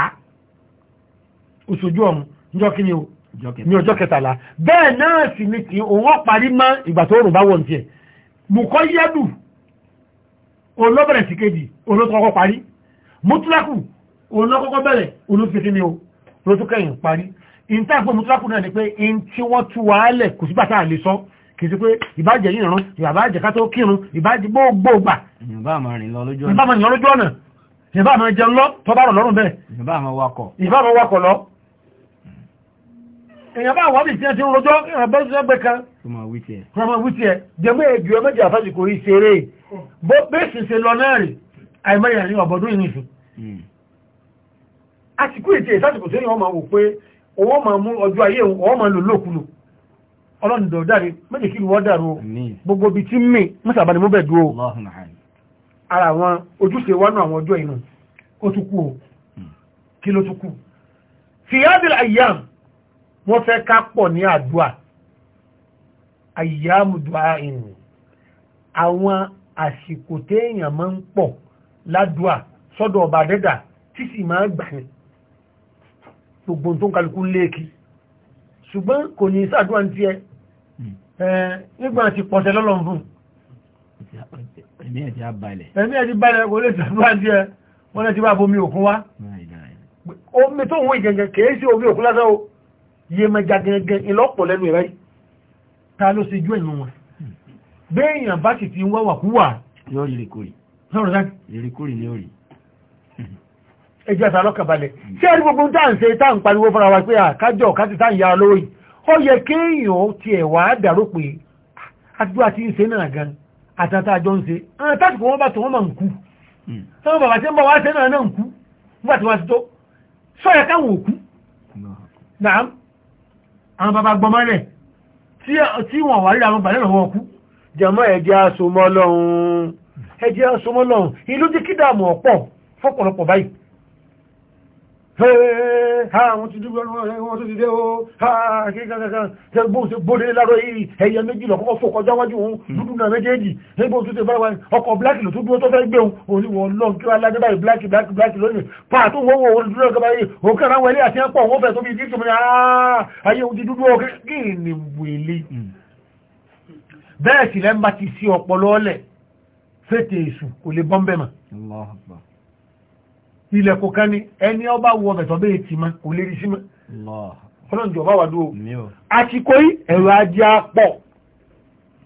ọ̀run kí ni o ní kẹtàlá ni òun lọ́kọ́kọ́ bẹ̀rẹ̀ olófin ni o lótúkẹ́yìn parí ìntàpọ̀ mutlaku náà ni pé in tí wọ́n tú wa lẹ̀ kò sí bàtà lè sọ kì í sí pé ìbàjẹ́ yìí rán ìbàjẹ́ ká tó kírun ìbàjẹ́ gbogbo gbà ìbá máa rìn lọ lójú ọ̀nà ìbá máa jẹun lọ tó bá rọ̀ lọ́rùn bẹ́ẹ̀ ìbá máa wakọ̀ lọ èèyàn bá wà ní ìsìn àti rọjọ́ ìrànbẹ́sẹ̀gbẹ́ kan ọmọ wítí ẹ̀ bó bẹ́ẹ̀ sì ṣe lọ náà rí àìmọ́ ìrìn ọ̀bọ̀dún ìrìnṣù àsìkò ètè ìsásìkò tí wọ́n máa wò pé owó máa mú ọjọ́ ayé wọ́n máa lò lókulò ọlọ́dọ̀ dáre méjì kí wọ́n dàrú gbogbo bí tí mì mọ́sàbánimú bẹ̀ dúró ara àwọn ojúṣe wánú àwọn ọjọ́ inú ó tún kú o hmm. kí ló tún kú fi yádìí àyàm wọ́n fẹ́ ká pọ̀ ní àdúà àyàmù dùá ìrìn àwọn àsìkò téèyàn máa ń pọ̀ ládùà sọ́dọ̀ ọba dẹ́dà tí sì máa gbà yẹn gbogbo tó ń kálukú léèkì ṣùgbọ́n kò ní sàdúrà ti hmm. ẹ nígbà ti pọ̀sẹ̀ lọ́lọ́run fún ẹ̀mí ẹ̀ ti balẹ̀ kò lè sàdúrà ti ẹ wọ́n lẹ́ ti bá bomi òkun wá omi tó ń wọ́n ìgẹ̀gẹ̀ kìí sí omi òkun lásán o yé mẹja gẹ̀gẹ̀ ìlọ́pọ̀ lẹ́nu ẹ̀rẹ́ ta ló ṣe jú ẹ̀nu wọn hmm. béèyàn bá sì ẹjọ́ ẹ̀sà lọ́kànbalẹ̀ ṣé ẹni gbogbo tá à ń ṣe tá à ń pariwo fúnra wa pé àkájọ káti tá à ń ya lówó yìí ó yẹ kéèyàn tiẹ̀ wá dàrú pé àtijọ́ àti ń ṣe náà gan àtàtà àjọ ń ṣe àwọn tásìkò wọn bá tó wọn máa ń kú hmm. táwọn bàbá tí ń bọ̀ wá ṣe náà náà ń kú nígbà tí wọ́n ti tó sọ yẹ káwọn òkú nàám àwọn bàbá gbọmọ rẹ̀ tí wọ́n wà rí àwọn bàbá náà wọ́n kú báyìí ha, àwọn ti dúró wọn tó ti dé o kíkankan gbóhùn sí gbóde lárọ yìí ẹ̀yẹ méjì lọ kọ́kọ́ fòkọjá wájú òun hmm. dúdú náà méjèèjì nígbóhùn tó ti bára wáyé ọkọ̀ bláàkì ló tó dúró tó fẹ́ gbé òun oníwọ̀n lọ́n kí wọ́n lájẹ́ báyìí bláàkì bláàkì bláàkì lónìí pàtó wọ́n wọ́n dúró ọkọ̀ báyìí òun kẹ́ra wọn ilé àti ẹ̀pọ̀ wọ́n fẹ́ tó bí ìdí tòmìnira ayé òun ti dúdú ọkẹ́ kí ni wèlé hmm. bẹ́ẹ̀ sì lẹ́ ilẹ̀ kò kán ní ẹni ọba wọ ọbẹ̀ tọ́bẹ̀ ètì ma kò lè rí sí ma ọlọ́njọ́ bá wà dúró àsìkò yìí ẹ̀rọ ajé pọ̀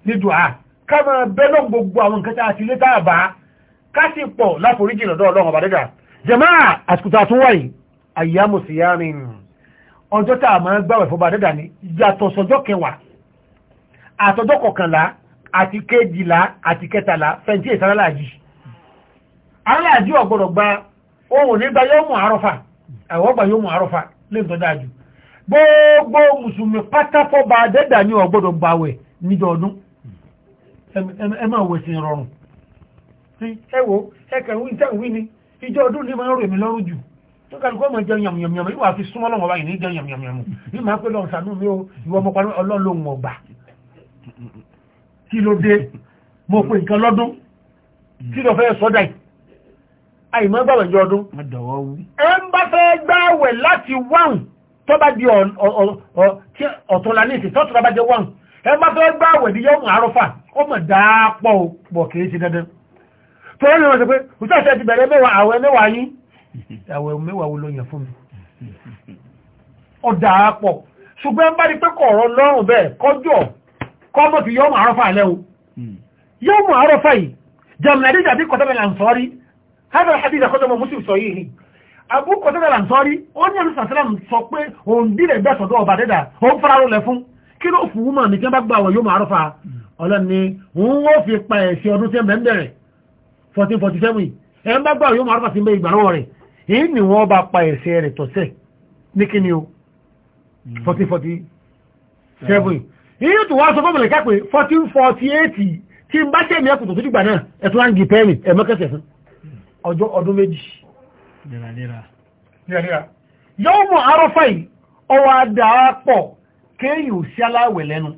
ní dùá ká máa bẹ́ lọ́n gbogbo àwọn nǹkan tá a ti lé tá a bá ká sì pọ̀ láforíjì lọ́dọ̀ ọlọ́run ọba dẹ́gà jẹ̀má àsìkò tá a tún wáyìí àyàmù sí yárin ọjọ́ tá a máa gbàwẹ̀ fọba dẹ́gà ní yàtọ̀ sọjọ́ kẹwàá àtọjọ́ kọkànlá àti kéjìlá àti kẹtàlá fẹ̀ǹtì ìsàlálàjì alálàjì ọ̀gbọ̀dọ̀ gba ohun nígbà yóò mú àrọ́fà àwọn ọgbà yóò mú àrọ́fà lẹ́gbọ́n dájú gbogbo mùsùlùmí pátákó bá dẹ́dà ní ọgbọ́dọ̀ gbàwẹ̀ níjọ ọdún ẹ máa wẹ̀ sí rọrùn ẹ wo ẹ kẹrin wíńtẹ́ wí ni ìjọ ọdún ní máa ń rò èmi lọ́rùn jù tó kàrí kó mọ̀ jẹ́ yàmùyàmù ìwà fi súnmọ́ lọ́wọ́ báyìí ní jẹ́ yàmùyàmù ìmọ̀ pé lọ́n sànú mi ó ìwọ ọmọ parí ọlọ́lọ́hun ọgbà kí ló dé mo pe nǹkan lọ́dún kí ló fẹ́ sọ́dà yìí àìmọ́ gbàwẹ̀jọ ọdún ẹ ń bá fẹ́ gbàwẹ̀ láti wáhùn tó bá di ọ̀tọ̀lá ní ìsìn tọ́tọ̀lá bá jẹ́ wáhùn ẹ ń bá fẹ́ gbàwẹ̀ ní yọ́mù àrọ́fà ó mọ̀ dáápọ̀ pọ̀ kìí ti dandan tó rí wọn sọ pé òṣìṣẹ́ ti bẹ̀rẹ̀ mẹ́wàá àwẹ̀ mẹ́wàá yín *laughs* هذا الحديث أخذه مسلم صحيحه Abu Qatada Al-Ansari ó ní àmì sàtìlám sọ pé òun dílẹ̀ bẹ́ sọ̀dọ̀ ọba dẹ́dà ó ń fara rọlẹ̀ fún kí ló fún wúmọ̀ ní kí wọ́n bá gbà wọ̀ yóò máa rọ́fà ọlọ́ni òun ó fi pa ẹ̀sìn ọdún tí ẹ̀mẹ́ bẹ̀rẹ̀ 1447 ẹ̀ ń bá gbà wọ̀ yóò máa rọ́fà sí ilé ìgbàlọ́wọ́ rẹ̀ èyí ni wọ́n bá pa ẹ̀sìn rẹ̀ tọ̀sẹ̀ ní kí ni o 1447 èyí tó wá sọ fọ́mọ̀lẹ̀ ká pé 1448 tí ń bá ṣẹ̀mí ẹ̀kùn tó tó dìgbà náà ẹ̀ tó wá ẹ̀mọ́kẹ́sẹ̀ fún ọjọ́ ọdún méjì yóò mọ̀ arọ́fà yìí ọwọ́ adáápọ̀ kéèyàn sí aláwẹ̀ lẹ́nu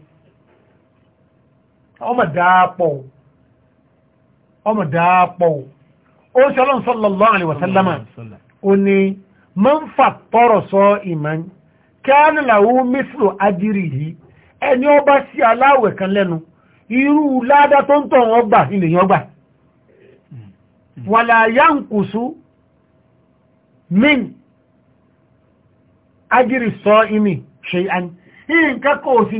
ọmọ dáápọ̀ ọmọ dáápọ̀ ó ṣe ọlọ́run sallallahu alaihi wasallama ó ní man fattara sa'iman kana lahu mithlu ajrihi ẹni ó bá sí aláwẹ̀ kan lẹ́nu irú ládá tó ń tọ̀ wọ́n gbà ilẹ̀ Hmm. wala yankusu min ajiri sọ imi ṣe an nǹkan kò ní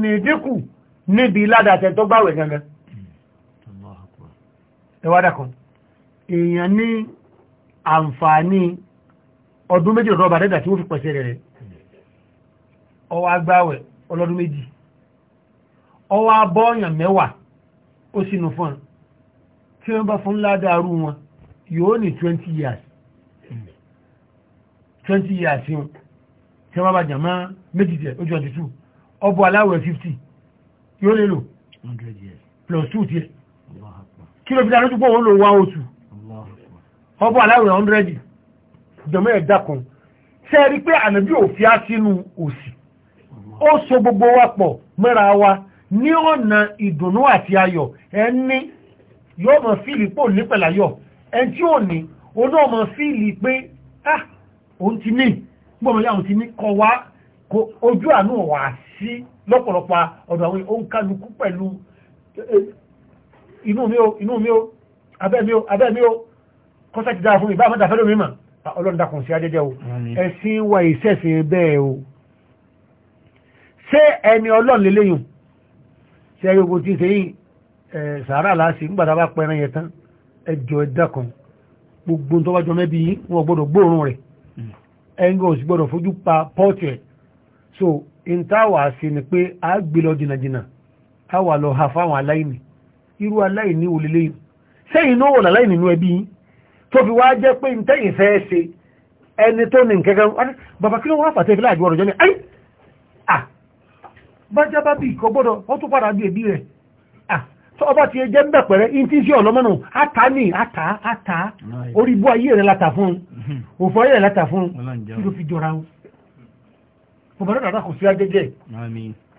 níbi ládàtẹ tó gbáwẹ̀ gangan ẹwádà èèyàn ní àǹfààní ọdún méjì ọ̀dọ́ ọba tí ó fi pẹ̀sẹ̀ rẹ̀ ọwọ́ agbáwẹ̀ ọlọ́dún méjì ọwọ́ abọ́ọ̀yàn You only twenty years twenty years yìí tí wọ́n bá jàmọ́ méjì tẹ̀ ojú ọ̀tí two ọbọ̀ aláwẹ̀ fifty yóò lè lò hundred years plus two tiẹ̀ kí ló fi dáná tó pọ̀ wọ́n lò one oṣù oh ọbọ̀ aláwẹ̀ hundred jọmọ́ ẹ̀dá kan ṣe rí pé ànàbí òfi á sínú òsì ó so gbogbo wa pọ̀ mẹ́ra wa ní ọ̀nà ìdùnnú àti ayọ̀ ẹni yóò mọ̀ fíìlì pò ní pẹ̀láyọ̀ ẹn tí ò o náà mọ̀ fíìlì pé ah òun ti ní gbọ́mọ̀ yá òun ti ní kọ wá ojú àánú wà sí lọ́pọ̀lọpọ̀ ọ̀dọ̀ àwọn ohun pẹ̀lú eh, inú mi o inú mi o abẹ́ mi o abẹ́ mi o kọ́sá ti dára fún mi bá mọ́ta fẹ́lómi mà ah, ọlọ́run dákun o ẹ̀sìn wa ìṣẹ̀sìn bẹ́ẹ̀ o ṣé ẹni ọlọ́run lélẹ́yìn ṣe gbogbo ti ṣe yìí sàárà láti ń gbàdá bá pẹran yẹn tán ẹjọ́ ẹ̀dá kan gbogbo tó bá jọ mẹ́bí wọn gbọ́dọ̀ gbóòórùn rẹ̀ hmm. ẹ̀ńgọ̀ òsì gbọ́dọ̀ fojú pa pọ́ọ̀tù ẹ̀ so n táwà ṣe ni pé a gbé lọ jìnnàjìnnà a wà lọ ha fáwọn aláìní irú aláìní wò lélẹ́yìn sẹ́yìn náà wò láláìní inú ẹbí tó fi wá jẹ́ pé ntẹ́yìn fẹ́ ṣe ẹni tó ní nkẹ́kẹ́ bàbá kí ló wá fàtẹ́ ìfìlà ọ̀rọ̀ jọ ni bájá bá bí ìkọ́ gbọ́dọ̀ wọ́n tún padà bí ẹbí rẹ̀ tó ọba ti jẹ́ bẹ̀ pẹ̀rẹ́ ìntí sí ọlọ́mọ́nù àtà ní àtà àtà orí bú ayé rẹ̀ látà fún *laughs* òfò ayé rẹ̀ látà fún ló fi jọra o bàbá rẹ̀ dàdá kò sí ajẹ́jẹ́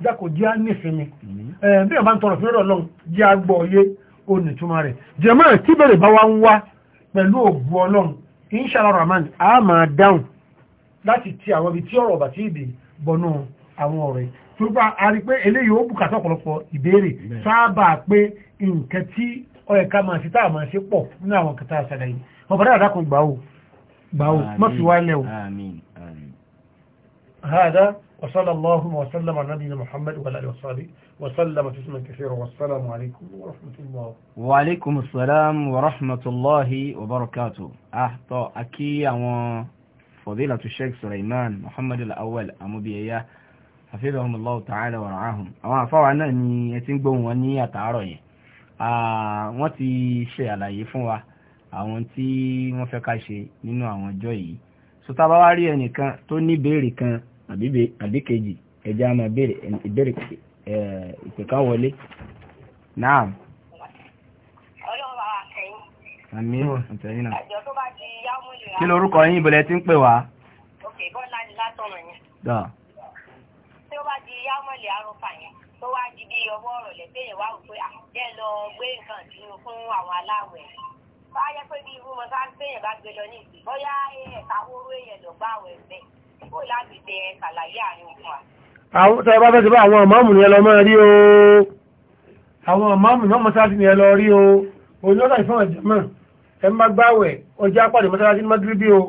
dákò jẹ́ nífẹ̀ẹ́ bí ọba ń tọrọ fúnrẹ́ ọlọ́run jẹ́ agbọ̀ ọyé onítúmọ̀ rẹ̀ jẹ̀mọ́ tí bẹ̀rẹ̀ bá wá ń wá pẹ̀lú ògbó ọlọ́run ti àwọn ibi tí ṣùgbọ́n a rí pé eléyìí ó bùkátà ọ̀pọ̀lọpọ̀ ìbéèrè sábà pé nǹkan tí ọ̀ẹ̀ka máa ṣe táà máa ṣe pọ̀ nínú àwọn kẹta àṣàlẹ̀ yìí wọ́n bọ̀dá àdákùn gbà ó gbà ó má fi wálẹ̀ o. هذا وصلى الله وسلم على نبينا محمد وعلى اله وصحبه وسلم تسليما كثيرا والسلام عليكم ورحمه الله وعليكم السلام ورحمه الله وبركاته احطوا اكي àwọn فضيله الشيخ سليمان محمد الاول امبييه hafizahumullahu ta'ala wa ra'ahum àwọn àfáwà náà ni ẹ ti ń gbóhùn wọn ní àtàárọ̀ yẹn wọ́n ti ṣe àlàyé fún wa àwọn tí wọ́n fẹ́ ká ṣe nínú àwọn ọjọ́ yìí so a bá wá rí ẹnìkan tó ní ìbéèrè kan àbí kejì ẹ̀jẹ̀ á máa béèrè ìbéèrè ìpèkà wọlé náà. ọlọ́run àtẹ̀yìn. àmì àtẹ̀yìn náà. àjọ tó bá ti yá mú ìlera. kí lorúkọ yín ìbọ̀lẹ̀ tí ń pè wá. òkè bọ́lá ni látọ̀rọ̀ yẹn. ọwọ́ ọ̀rọ̀lẹ́ téèyàn wá wò pé àjẹ́ ah, lọ gbé nǹkan ìdínú fún àwọn aláwẹ̀ báyẹ pé bí irú wọn ń téèyàn bá gbé lọ ní ìsìn bóyá ẹ̀ka wóró èèyàn lọ bá àwẹ̀ bẹ́ẹ̀ kó láti tẹ ṣàlàyé àárín òkun wa. àwọn tẹ bá fẹ́ ti bá àwọn ìmáàmù yẹn lọ máa rí o àwọn ìmáàmù náà mọ́sáàsì yẹn lọ rí o olóòrà ìfọ̀n ìjọmọ̀ ẹ má gbáwẹ̀ ọjọ́ apàdé mọ́sáàsì ní mọ́gíríbí o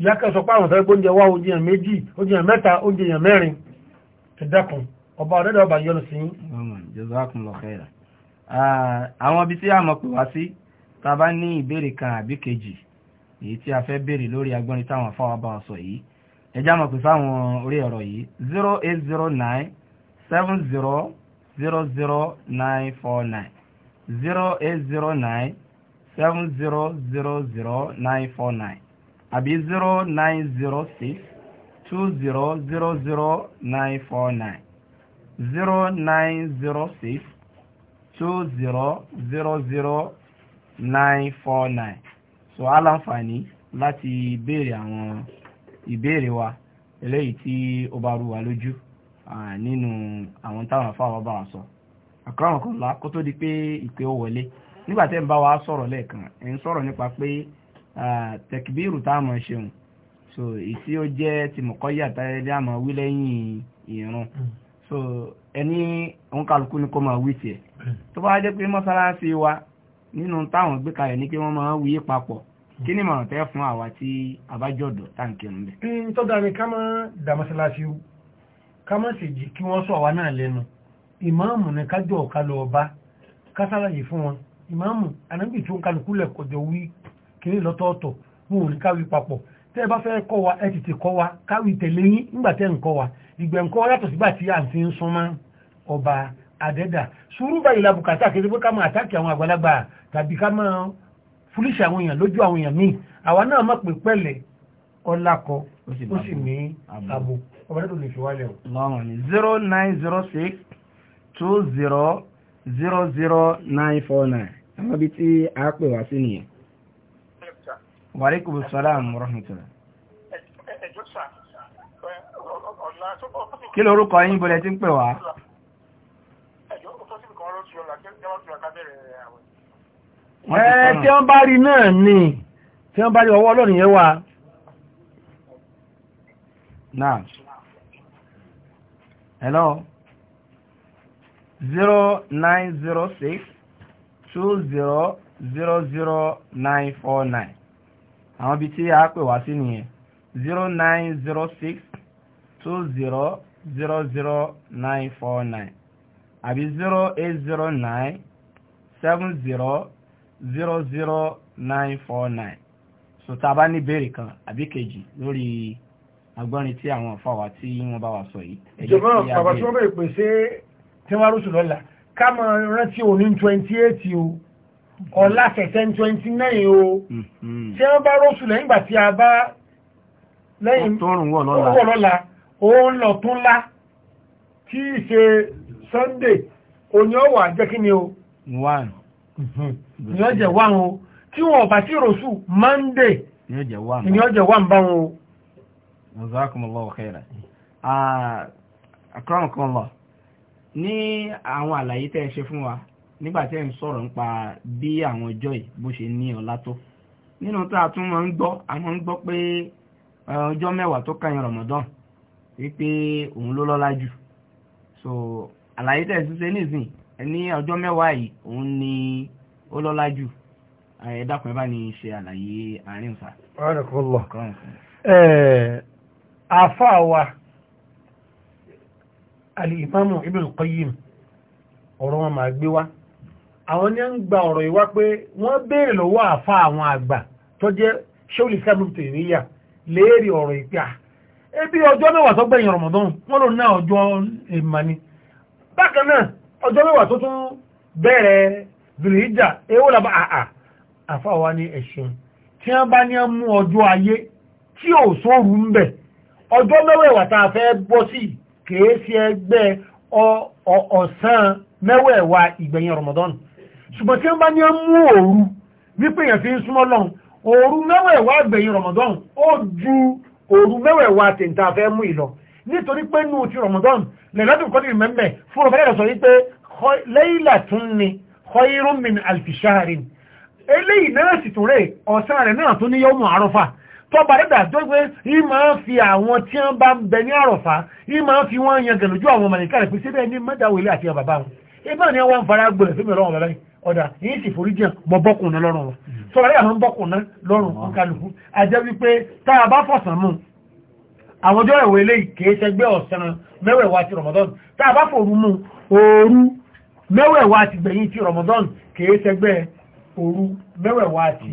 ìyá kẹsọ̀ pàrọ̀ fẹ́ gbóúnjẹ wá oúnjẹ méjì oúnjẹ mẹ́ta oúnjẹ mẹ́rin ẹ̀dẹ́kùn ọba ọ̀dọ́dọ̀ ọba yọ́nù sí jazakumullahu khairan àwọn ibi tí a mọ̀ pè wá sí tá a bá ní ìbéèrè kan àbí kejì èyí tí a fẹ́ béèrè lórí agbọ́nrin táwọn afáwọn bá sọ yìí ẹjá mọ̀ pè sáwọn orí ọ̀rọ̀ yìí zero eight zero nine seven zero zero zero nine four nine zero eight zero nine seven zero zero zero nine four nine àbí zero nine zero six two zero zero zero nine four nine zero nine zero six two zero zero zero nine four nine so aláǹfààní láti béèrè àwọn ìbéèrè wa eléyìí tí ó bá rú wa lójú nínú àwọn táwọn afáwọn bá wa sọ àkàràwọn kan la kó tó di pé ìpè ó wọlé nígbà tẹ́ ń bá wa sọ̀rọ̀ lẹ́ẹ̀kan ẹ̀ ń sọ̀rọ̀ nípa pé tẹkibíru tá a mọ̀ ṣeun so èyí tí ó jẹ́ ti mọ̀kọ́yà táyẹ̀dẹ́ àmọ́ wí lẹ́yìn ìrun. Hmm so ẹni òǹkàlùkù ni kò máa wí tiẹ̀ tó bá jẹ́ pé mọ́sálásí wa nínú táwọn gbé kalẹ̀ ní pé wọ́n máa wí papọ̀ hmm. kí ni màrùn tẹ́ fún àwa tí abájọ́dọ̀ táǹkì ń bẹ̀. n tó dáa ni ká má da mọ́sálásí rú ká má sì jí kí wọ́n sọ àwa náà lẹ́nu ìmáàmù ni ká jọ ọ̀ka lọ bá ká sálàyé fún wọn ìmáàmù ànábì tó ń kálukú lẹ̀ kọjọ wí kiri lọ́tọ̀ọ̀tọ̀ wọn ò ní ká wí papọ̀ tẹ́ ẹ bá fẹ́ kọ́ wa ẹ tètè kọ́ wa káwí tẹ̀lé yín nígbà tẹ́ ń kọ́ wa ìgbẹ̀ ń wa yàtọ̀ sígbà à ń fi ń súnmọ́ ọba àdẹ́dà sùúrù báyìí la bùkátà kí pé ká máa àtàkì àwọn àgbàlagbà tàbí ká máa fúlíṣì àwọn èèyàn lójú àwọn èèyàn míì àwa náà má pè pẹ̀lẹ́ ọlákọ ó sì ní àbò ọba tó lè fi wálẹ̀ o. zero nine zero six two zero zero zero nine four nine àwọn ibi tí a pè wá sí nìyẹn wàlẹ́kùn sọ́làm rọ́hìntìlá. kí ló orúkọ yín bọ́lẹ̀ tí ń pè wá. ẹ tí wọ́n bá rí náà ni tí wọ́n bá rí ọwọ́ ọlọ́run yẹn wá. náà hello zero nine zero six two zero zero zero nine four nine àwọn ibi tí a pè wá sí nìyẹn zero nine zero six two zero zero zero nine four nine àbí zero eight zero nine seven zero zero zero nine four nine so tá a bá ní ìbéèrè kan àbí kejì lórí agbọ́nrin tí àwọn ọ̀fàwà tí wọ́n bá wa sọ yìí. ìjọba ọ̀pàpà tí wọ́n bẹ̀rẹ̀ pèsè tí wọ́n rúṣù lọ́la ká máa rántí òní twenty eight o ọ̀la sẹ̀sẹ̀n 29 o mm-hmm. tí wọ́n bá rọ́sù lẹ́yìn gbà tí a bá lẹ́yìn ọ̀rọ̀lọ́la òun lọ tún lá tí í ṣe Sunday oní ọwà jẹ́ kí ni o ní ọjẹ̀ wà o tí wọ́n bá tí rọ́sù Monday ní ọjẹ̀ wà bá wọn o Jazakumullahu khairan ah, Akramakumullah ní àwọn àlàyé tẹ́ ṣe fún wa nígbà tí ẹ̀ ń sọ̀rọ̀ nípa bí àwọn ọjọ́ yìí bó ṣe ní ọlá tó nínú tá a tún máa ń gbọ́ a máa ń gbọ́ pé ọjọ́ mẹ́wàá tó kàn yín Ramadan wípé òun ló lọ́lá jù so àlàyé tẹ̀ ṣiṣẹ́ nísìn ní ọjọ́ mẹ́wàá yìí òun ni ó lọ́lá jù ẹ dákun ẹ bá ní ṣe àlàyé àárín ìfà. àfa wa al-Imam Ibn Qayyim ọ̀rọ̀ wọn máa gbé wá àwọn ní ń gba ọ̀rọ̀ ìwá pé wọ́n béèrè lọ́wọ́ àfá àwọn àgbà tó jẹ́ ṣéòlì sábùtò ìníyà léèrè ọ̀rọ̀ ìpẹ́ à ah, ebi ọjọ́ mẹ́wàá tó gbẹ̀yìn Ramadan wọ́n lò náà ọjọ́ ìmà ni bákan náà ọjọ́ mẹ́wàá tó tún bẹ̀rẹ̀ bìrìjà ewó làbá àà àfá wa ní ẹ̀ṣin tí wọ́n bá ní ń mú ọjọ́ ayé tí ò sóòrù ṣùgbọ́n tí wọ́n bá ní ọ mú òru wípé èèyàn fi ń súnmọ́ lọ́hùn òru mẹ́wẹ̀ẹ̀wá àgbẹ̀yìn Ramadan ó ju òru mẹ́wẹ̀ẹ̀wá tèǹtà fẹ́ mú ìlọ nítorí pé nù ti Ramadan lẹ́lọ́dún kọ́dí mẹ́mẹ́ fún ọmọdé rẹ̀ sọ wípé laylatun ni khairun min alfi shahrin eléyìí náà sì tún rè ọ̀sán rẹ̀ náà tún ní yawmu Àrọ́fà tọ́ba rẹ̀dà tó pé yìí máa wọ́n fara gbọ́dọ̀ fún mi rọ́wọ́n ọ̀dà yìí sì forí jẹ́ mọ bọ́kùnrin lọ́rùn wọn tó hmm. rẹ̀ àwọn bọ́kùnrin lọ́rùn fún kálukú ajẹ́ wípé tá a bá fọ̀sán mú àwọn ọjọ́ ẹ̀wọ̀ ilé ìkéṣẹgbẹ́ ọ̀sán mẹ́wẹ̀wá ti Ramadan tá a bá fòrú mú òru mẹ́wẹ̀wá ti gbẹ̀yìn ti Ramadan kéṣẹgbẹ́ òru mẹ́wẹ̀wá ti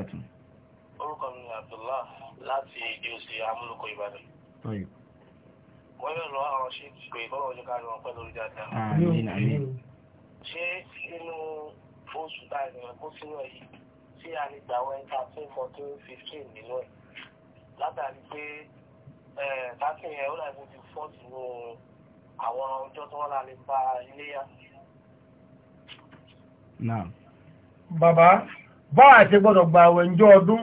ilé láti ìdíòsì amúlùkọ ìbàdàn. wọ́n bẹ̀rẹ̀ lọ àwọn ṣe pé bọ́lá ọjọ́ ká lọ pẹ́ lórí dáadáa. ṣé nínú oṣù táyà ìrìn kó sínú ẹ̀ yìí tí a lè gbà wọ́n ẹ̀ka fún fourteen fifteen nínú ẹ̀ látàrí pé tákìn yẹn ó dàbí ti fọ́ọ̀tì nù àwọn ọjọ́ tó wọ́n lálẹ́ bá iléyà. bàbá bá àti gbọ́dọ̀ gba àwẹ̀ ọdún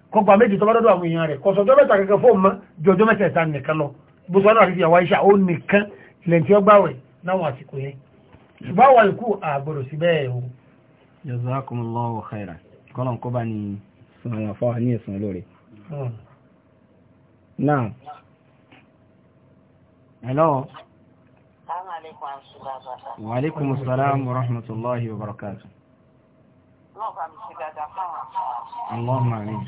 kọgbà méjì tó bá dọ́dọ̀ àwọn èèyàn rẹ̀ kọ̀sọ̀jọ́ mẹ́ta kẹ́kẹ́ fóòn mọ́ jọjọ́ mẹ́tẹ̀ẹ̀ta nìkan lọ bùsọ́nà àti ìyàwó iṣẹ́ ó nìkan ilẹ̀ tí ó gbàwẹ̀ láwọn àsìkò yẹn ṣùgbọ́n àwọn ikú àgbọ̀rọ̀ sí bẹ́ẹ̀ o. jazakumullahu khairan kọ́lọ̀ kó bá ní sùn àwọn afọ́ ní ẹ̀sùn lórí. Hmm. now hello. wa aleykum salaam wa rahmatulahi wa barakatu. Allahumma amin.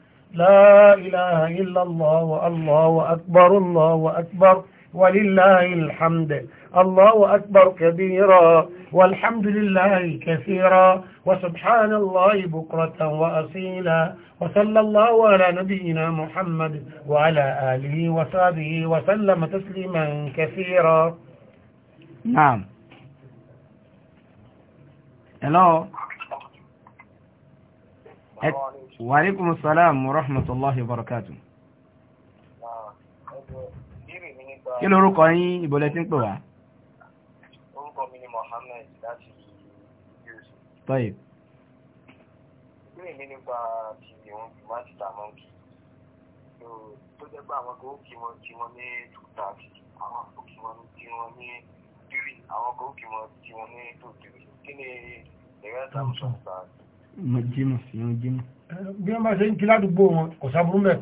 لا إله إلا الله والله أكبر الله أكبر ولله الحمد الله أكبر كبيرا والحمد لله كثيرا وسبحان الله بكرة وأصيلا وصلى الله على نبينا محمد وعلى آله وصحبه وسلم تسليما كثيرا نعم Hello. Hello. Wa alaikum salaam wa rahmatullahi wa barakatuh. Kí lórúkọ yín ìbọ̀lẹ̀ tí ń pè wá? Orúkọ mi ni Mohammed láti Yusuf. Tọ́yì. Ìbéèrè mi nípa kìnìún Máṣítà Mọ́ǹkì. Tó jẹ́ kí wọn kí mọ̀jímọ̀ sí mọ̀jímọ̀. bí wọ́n bá ṣe ń kí ládùúgbò wọn kò sábúrú mẹ́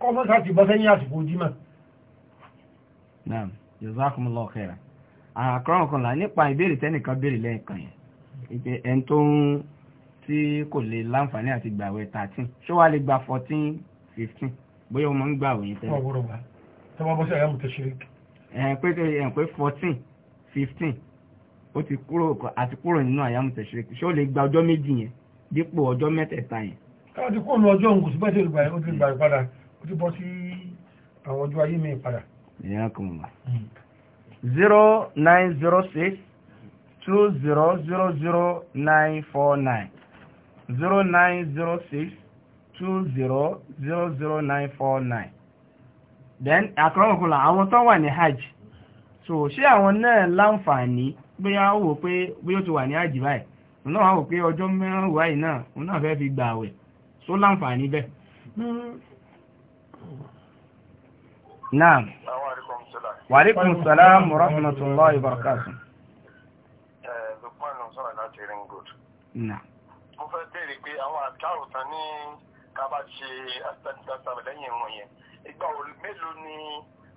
kọ́mọ́ sáti bọ́ sẹ́yìn àsìkò jímọ̀. naam jazakumullahu khairan àkọ́rọ̀ kan là nípa ìbéèrè tẹ́nìkan béèrè lẹ́ẹ̀kan yẹn ìpè ẹn tó ń tí kò lè láǹfààní àti gbàwẹ̀ thirteen ṣó wàá lè gba fourteen fifteen bóyá o máa ń gbàwẹ̀ yẹn tẹ́lẹ̀. ọ̀wọ́rọ̀ wa tọ́wọ́ bọ́sẹ̀ ẹ̀yà mú tẹ̀síríkì. ẹ̀ pé fourteen fifteen ó ti kúrò àti kúrò nínú àyàmù tẹ̀sírẹ́kì ṣé ó lè gba ọjọ́ méjì yẹn dípò ọjọ́ mẹ́tẹ̀ẹ̀ta yẹn. káàdì kó lu ọjọ́ òǹkùsí bá ṣe gbà ó ti gbà padà ó ti bọ́ sí àwọn ọjọ́ ayé mi padà. ìyá kò mọ̀. zero nine zero six two zero zero zero nine four nine zero nine zero six two zero zero zero nine four nine. then àkọ́rọ́kùnrin àwọn tó wà ní hajj so ṣé àwọn náà láǹfààní bóyá ó wò pé bóyá ó ti wà ní àjì báyìí òun náà wá wò pé ọjọ́ mẹ́rin wáyìí náà òun náà fẹ́ fi gbà àwẹ̀ só láǹfààní bẹ́ẹ̀. naam wàlékún sàlám rahmatullahi barakatu. lukman sọ̀rọ̀ láti ring mo fẹ́ béèrè pé àwọn àtàrò ní kaba ṣe lẹ́yìn ìwọ̀n yẹn ìgbà mélòó ni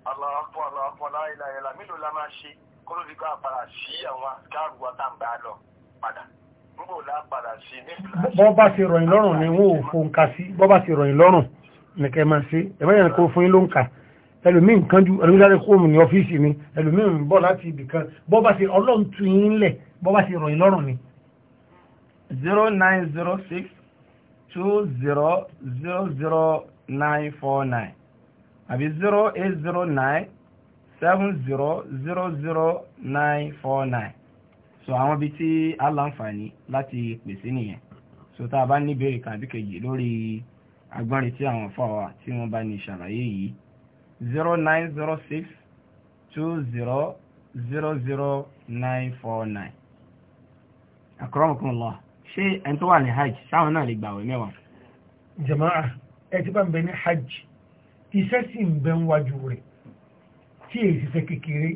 aláàfọ̀ aláàfọ̀ láìláìlá mélòó la máa ṣe kó ló di ká padà sí àwọn káàrù wa tá ń bá lọ padà níbo la padà sí nífìlà. bọ́ bá ti rọ̀yìn lọ́rùn ni wọ́n ò fòun ká sí bọ́ bá ti rọ̀yìn lọ́rùn nìkẹ́ máa ṣe ẹ̀fẹ́ yẹn kó fún yín ló ń kà ẹlòmíì nǹkan ju ẹlòmíì kóòmù ní ọ́fíìsì ni ẹlòmíì ń láti ibì kan bọ́ ọlọ́run tu yín lẹ̀ bọ́ bá rọ̀yìn lọ́rùn ni. zero nine zero six two zero zero zero nine four nine àbí zero eight zero nine seven zero zero zero nine four nine so àwọn ibi tí a láti pèsè nìyẹn so tá a bá ní ìbéèrè tàbí kejì lórí agbọ́nrin tí àwọn fà tí wọ́n bá ní ìṣàlàyé yìí zero nine zero six two zero zero zero nine four nine. akramakumullah ṣé ẹni tó wà ní hajj sáwọn náà lè gbàwé mẹ́wàá. jama'a ẹ ti bá ń bẹ ní hajj iṣẹ́ sì ń bẹ ń wájú rẹ̀ tí èyí ṣiṣẹ́ kékeré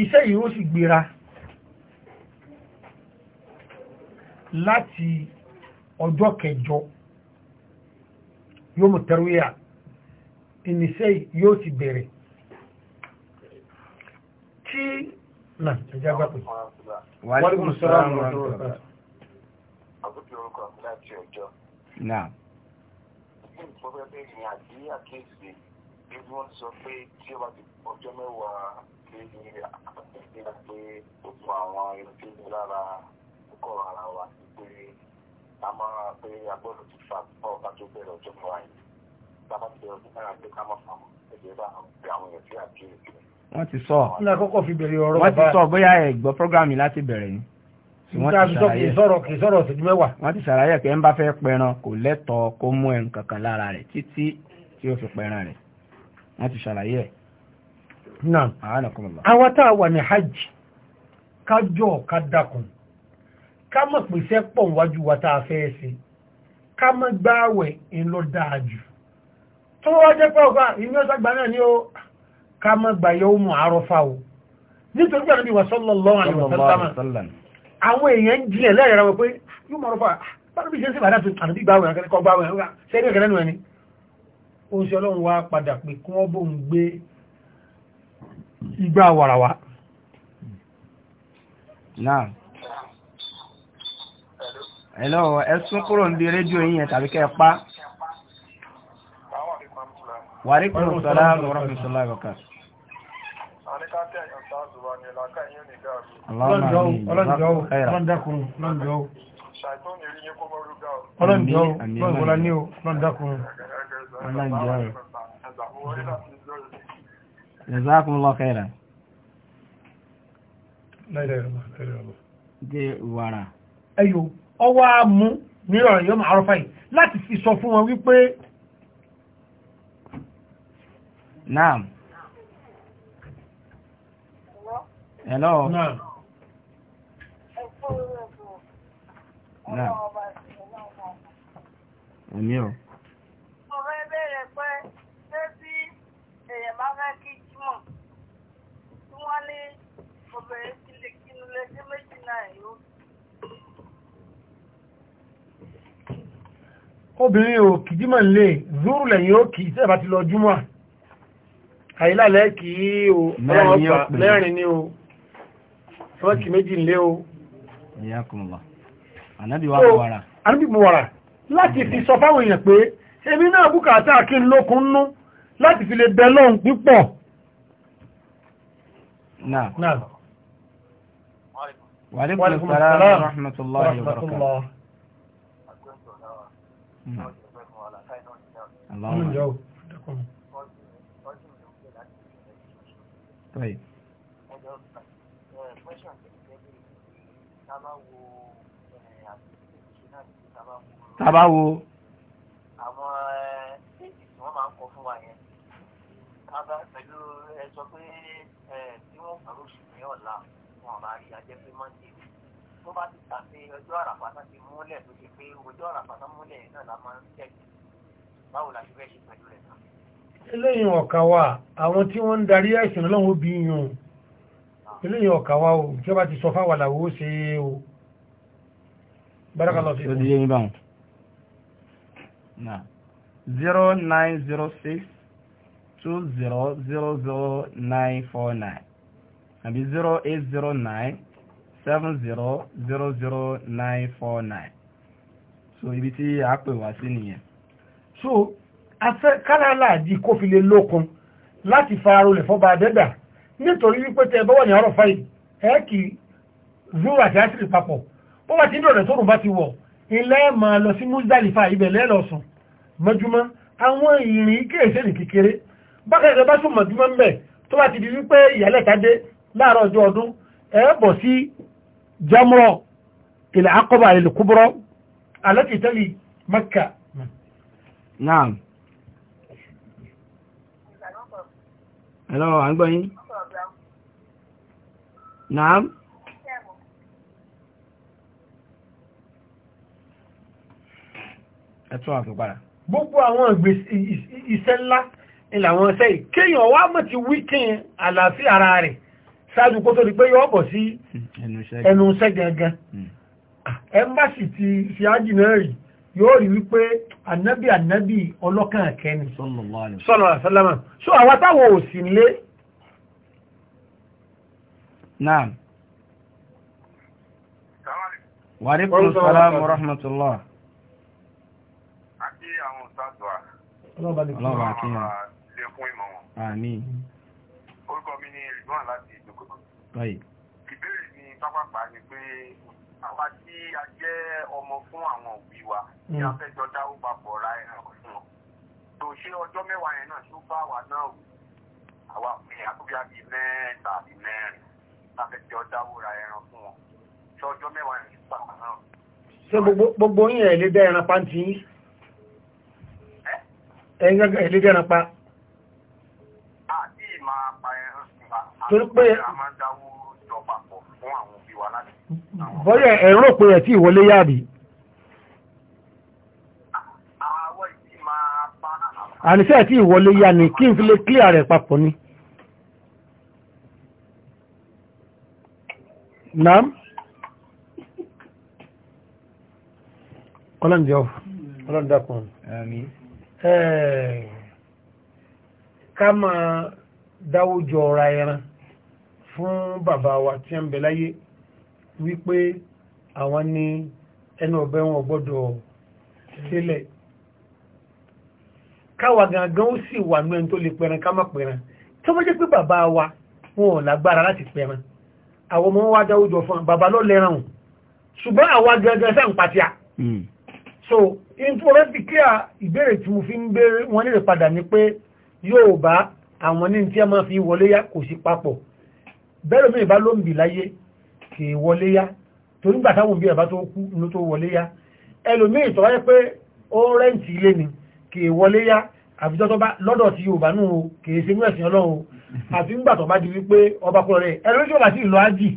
iṣẹ́ yìí ó sì gbéra láti ọjọ́ kẹjọ yóò mú tẹ́rúyà ìníṣẹ́ yóò ti bẹ̀rẹ̀ tí náà ẹjá gbá pẹ̀lú wọ́n kún sọ́rọ̀ àwọn ọ̀rọ̀ àbúkẹ́ orúkọ láti ọjọ́ náà bí wọ́n sọ pé tí ó bá ti ọjọ́ mẹ́wàá lé ní àpẹẹrẹ náà pé ó àwọn ìrètí mi lára kọ́ ara wa sí pé a máa pé agbọ́dọ̀ ti fà pọ̀ ká tó bẹ̀rẹ̀ ọjọ́ mẹ́wàá yìí bàbá ti bẹ̀rẹ̀ ọdún náà pé ká má fà mọ́ ẹ̀jẹ̀ bá àwọn ìrètí àti ìrètí. wọ́n ti sọ wọ́n ti sọ bóyá ẹ̀ gbọ́ prógrámì láti bẹ̀rẹ̀ ni wọ́n ti ṣàlàyé pé ń bá fẹ́ pẹran kò lẹ́tọ̀ọ́ kó mú ẹnu kankan lára rẹ̀ títí tí ó fi pẹran rẹ̀ láti ṣàlàyé ẹ̀. náà àwa tá a wà ní hajj kájọ ká dákun ká mọ̀ pèsè pọ̀ wájú wa tá a fẹ́ ṣe ká mọ̀ gbáwẹ̀ ńlọ dáa jù tó wá jẹ́ pé ọ̀gá ìní ọ̀sàgbà náà ni ó ká mọ̀ gbà yẹ ohun àárọ̀fà o nítorí pé àdébí sallallahu alaihi wasallam àwọn èèyàn ń jiyàn lẹ́yìn wọn pé yóò mọ̀ àárọ̀fà bá ó ṣe ọlọ́run wá padà pé kí wọ́n bóun gbé igbá wàràwà náà ẹ̀lọ́ ẹ̀sùn kúrò ń bí rédíò yìnyẹn tàbí kẹ́ pa wàrí kúrò sọ́lá lọ́rọ̀ fi sọ́lá ìwọ̀ká ọlọ́njọ́ ọlọ́njọ́ ọlọ́njọ́ ọlọ́njọ́ aláǹjọ́ rẹ̀ jazakumullahu khairan jẹ́ wàrà ẹyọ ọwọ́ mú ní ọ̀rọ̀ máa rọ́fà yìí láti fi sọ fún wọn wípé naam hello naam naam ẹ̀mí o bá fẹ́ kí jímọ̀ tí wọ́n ní obìnrin ti lè kínú lẹ́jọ́ méjì náà yóò. obìnrin ò kì jímọ̀ lè zúrù lẹ́yìn ó kì í sẹ́bà ti lọ júmọ̀ àìlàlẹ́ kì í o mẹ́rin ni o fọ́ọ̀kì méjì lé o anábì mú wàrà láti fi sọ fáwọn èèyàn pé ebi náà bùkátà kí n lókun nú láti fi lè bẹ lọ́hùn pípọ̀. Wa alaykum salaam wa rahmatullahi wa barakatuh. Right. Tabawo. abá pẹ̀lú ẹ sọ pé ẹ tí wọ́n pẹ̀lú oṣù ní ọ̀la wọn bá rí ajẹ́ pé mọ́ndé tó bá ti tàbí ọjọ́ àràfàtà ti múlẹ̀ tó ṣe pé ọjọ́ àràfàtà múlẹ̀ náà la máa ń tẹ̀lé báwo la ṣe fẹ́ ṣe pẹ̀lú rẹ̀ náà. eléyìí ọ̀kà wa àwọn tí wọ́n ń darí ẹ̀sìn ọlọ́run bí yun ah. eléyìí ọ̀kà wa o ìjọba ti sọ fáwọn àlàwò ó ṣe é o. bárakà lọ sí i. zero nine zero six two zero zero zero nine four nine and be zero eight zero nine seven zero zero zero nine four nine so ibi tí a pè wá sí nìyẹn. so afẹ́ kálálà di kó fi lè lókun láti farao lè fọba àdẹ́dà nítorí wípé tẹ bọ́wọ́ ní ọ̀rọ̀ fáyì ẹ kì í zúwà àti àṣírí papọ̀ wọ́n bá ti ń dọ̀rẹ̀ tóòrùn bá ti wọ̀ ilẹ̀ máa lọ sí Muzdalifa ibẹ̀ lẹ́lọ́sùn mọ́júmọ́ àwọn ìrìn kéèṣẹ́ ní kékeré bákẹ̀rẹ̀ bá súnmọ̀ jùmọ́ ń bẹ̀ tó bá ti di wípé ìyálẹ̀tàdé láàárọ̀ ọjọ́ ọdún ẹ̀ẹ́bọ̀ sí jamrọ̀ ilẹ̀ akọba ilẹ̀ kúbọ́rọ̀ alẹ́kì tẹ́lì Makka náà ẹ̀lọ́ àgbọ́yìn náà ẹ̀tún àfẹ́gbára gbogbo àwọn ìṣẹ́ ńlá ìlàwọn ṣe ìkéyàn wá mọ̀ ti wíkín àlàáfí ara rẹ̀ ṣáájú kó tó di pé yọ́ bọ̀ sí ẹnu iṣẹ́ gangan hmm. ẹmbásì ti ṣe ájìnà rí yóò rí wípé ànábì ànábì ọlọ́kàn kẹni sọ́nà àṣálàmà so àwọn táwọn ò sí lé náà wàríkùn sọ́lá mọ́rànmọ́tòlá Ọlọ́ba ni Àmín. Orúkọ mi ni Rìgbọ́n láti Ìjọkọ̀tọ̀. Ìbéèrè mi pápápá ni pé àwa tí a jẹ́ ọmọ fún àwọn òbí wa tí a hmm. fẹ́ jọ dáwó papọ̀ ra ẹran fún wọn. Tò ṣé ọjọ́ mẹ́wàá yẹn náà ṣó bá wa náà wù? Àwa pè àkóbí àbí mẹ́ta àbí mẹ́rin la fẹ́ jọ dáwó ra ẹran fún wọn. Ṣé ọjọ́ mẹ́wàá yẹn ṣó bá wa náà wù? Ṣé gbogbo yín ẹ̀ lè dẹ́ ẹran pa ń ti yín? Ẹ̀ ń ẹ̀ lè dẹ́ ẹran pa. torí pé bọ́yẹ̀ ẹ̀rọ pé ẹ̀ tí ìwọlé yàbí àníṣẹ́ tí ìwọlé yà ní kí n fi lè kílíà rẹ̀ papọ̀ ni naam ọlọ́njọ́ ọlọ́ndàkùn ẹ̀ẹ́ ká máa dáwójọ ọ̀rọ̀ ẹran fún bàbá wa tí a ń bẹ láyé wípé àwọn ní ẹnu ọ̀bẹ wọn gbọ́dọ̀ sílẹ̀ káwa gangan ó sì wà ní ẹni tó lè pẹran ká má pẹran tó bá jẹ́ pé bàbá wa wọn ò lágbára láti pẹran àwọn ọmọ wa dáwó fún bàbá lọ lẹ́ràn ṣùgbọ́n àwa gangan sáà ń pàtíà hmm. so influenza kí a ìbéèrè tí mo fi ń béèrè wọn nílẹ̀ padà ni pé yóò bá àwọn ní tí a máa fi wọlé yá kò sí papọ̀ bẹ́rẹ̀ mi ìbá ló ń bì láyé kì í wọlé yá torí gbà táwọn òbí ẹ̀bá tó kú ló tó wọlé yá ẹlòmíì tó wáyé pé ó rẹ́ǹtì ilé ni kì í wọlé yá àfijọ́ tó bá lọ́dọ̀ tí Yorùbá nù o kì í ṣe mú ẹ̀sìn Ọlọ́run àti ńgbà tó bá di wípé ọba kúrò rẹ̀ ẹlòmíì tí ó bá ìlú ájì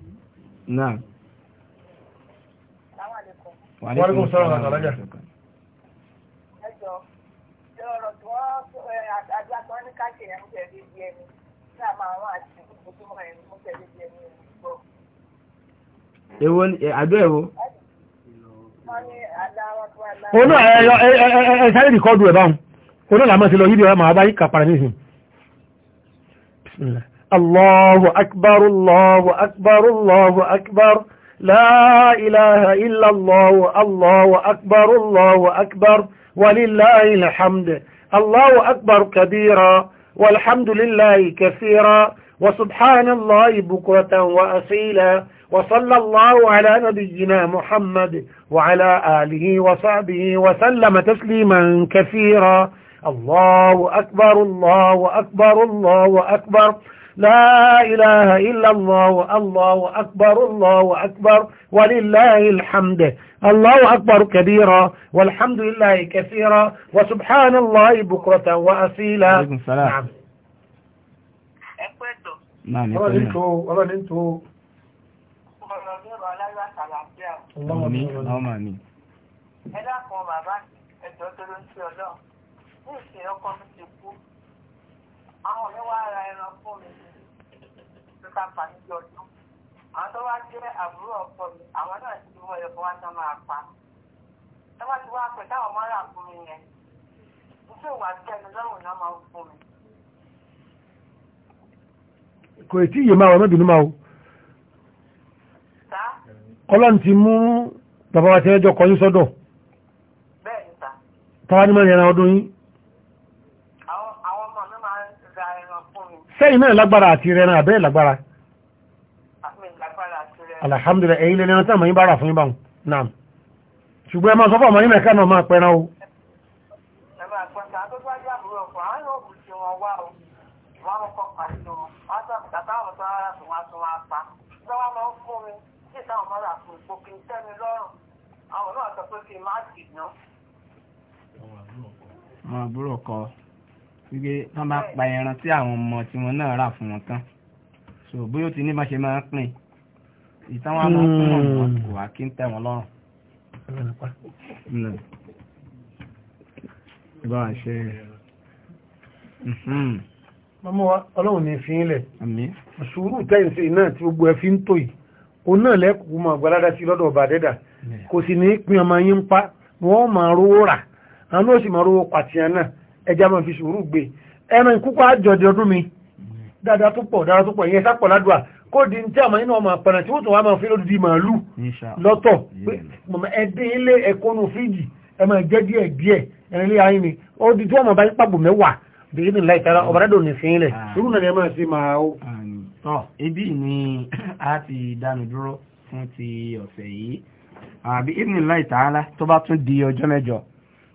náà. wàlẹ́kùn sọ̀rọ̀ àgbàlá jà. ẹ jọ ṣé ọ̀rọ̀ tí wọ́n àgbà kan ní káàkiri ẹ̀mú tẹ̀lé bí ẹni ní àmọ́ àwọn àti ìfúnpọ̀ ẹ̀mú tẹ̀lé bí ẹni gbọ́. èwo àdó ẹ̀wọ̀. òun náà ẹ sáré rìkọ́dù ẹ̀ báwọn òun náà làmọ́ sí lọ yíbi ọ̀rọ̀ màá bá yí kàpàrà nísìnyí. الله أكبر الله أكبر الله أكبر لا إله إلا الله الله أكبر الله أكبر ولله الحمد الله أكبر كبيرا والحمد لله كثيرا وسبحان الله بكرة وأصيلا وصلى الله على نبينا محمد وعلى آله وصحبه وسلم تسليما كثيرا الله أكبر الله أكبر الله أكبر, الله أكبر لا إله إلا الله الله أكبر الله أكبر ولله الحمد الله أكبر كبيرا والحمد لله كثيرا وسبحان الله بكرة وأصيلا عليكم السلام نعم نعم Ẹ dákun bàbá ẹ̀jọ́ tó ló ń ṣe ọlọ́run. Ní àwọn mi wá ra ẹran fún mi nípa pàtí ọdún àwọn tó wá jẹ́ àbúrò ọkọ mi àwọn náà ti wọ ẹ̀fọ́ wá tán máa pa ẹ wá ti wá pẹ̀ táwọn máa fún mi yẹn nítorí òwà tẹnu lọ́rùn náà máa ń fún mi. kò tí ì yé máa wọ mẹ́bìnú máa o ọlọ́run ti mú bàbá wa ti ẹjọ́ kọjú sọ́dọ̀ bẹ́ẹ̀ ni sà táwa ní mọ́ ẹran ọdún yìí. sẹ́yìn náà lágbára àti rẹran àbẹ́ lágbára alhamdulillah èyí lè lẹ́nu tàbí bára fún ìbáhùn náà ṣùgbọ́n ẹ máa sọ fún ọmọ yìí mẹ́kà náà máa pẹran o Máa búrò kọ́ wípé wọ́n bá pa ẹran tí àwọn ọmọ tí wọ́n náà rà fún wọn tán so bóyá ó ti ní bá ṣe máa ń pín ìtàn wọn máa ń pín wọn kò wá kí ń tẹ̀ wọ́n lọ́rùn. Hmm. bá a ṣe mọ́mọ́ ọlọ́run ní fi ilẹ̀ sùúrù tẹ́yìnsì náà tí gbogbo ẹ fi ń tò yìí o náà lẹ́kùnkú ma gbàládá sí lọ́dọ̀ ọba dẹ́dà kò sì ní pín ọmọ yín pa wọ́n máa rówó rà àwọn ló sì máa rówó pàtìyàn náà ẹja máa fi sùúrù gbé ẹran ìkúpa àjọ̀dẹ̀ ọdún mi dáadáa tó pọ̀ dáadáa tó pọ̀ ìyẹn sápọ̀ ládùá kó di ní tí àmọ́ inú ọmọ àpẹẹrẹ tí wọ́n tún wá máa fi lódìdí màálù lọ́tọ̀ ẹdín ilé ẹ̀kọ́nù fíjì ẹ máa jẹ́ díẹ̀ díẹ̀ ẹ̀rin ilé ayé ni ó di tí ọmọ bá yí pàgbò mẹ́wàá bèyí nìlá ìtara ọ̀bàdàdọ̀ ní sí ilẹ̀ sùúrù náà ni ẹ máa ṣe máa ó. ibi ni a ti dánu dúró fún ti ọ̀sẹ̀ yìí àbí ìdìnnìlá ìtara tó bá tún di ọjọ́ mẹ́jọ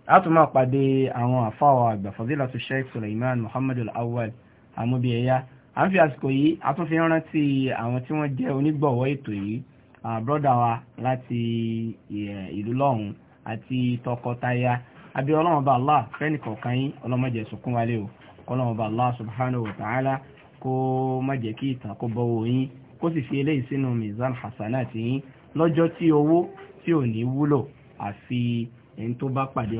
a tún máa pàdé àwọn àfáwà àgbà fadilatu sheikh suleiman muhammad al-awwal amúbíyẹyà à ń fi àsìkò yìí a tún fi rántí àwọn tí wọ́n jẹ́ onígbọ̀wọ́ ètò yìí àbúrọ́dà wa láti ìlú lọ́hùn àti tọkọtaya àbí ọlọ́run ọba allah fẹ́ni kọ̀ọ̀kan yín ọlọ́mọdé sunkún wálé o ọlọ́run ọba allah subhanahu wa ta'ala kó má jẹ́ kí ìtàn kó bọ́wọ́ yín kó sì fi eléyìí sínú mizan hasanati yín lọ́jọ́ tí owó tí ò ní wúlò àfi ẹni tó bá pàdé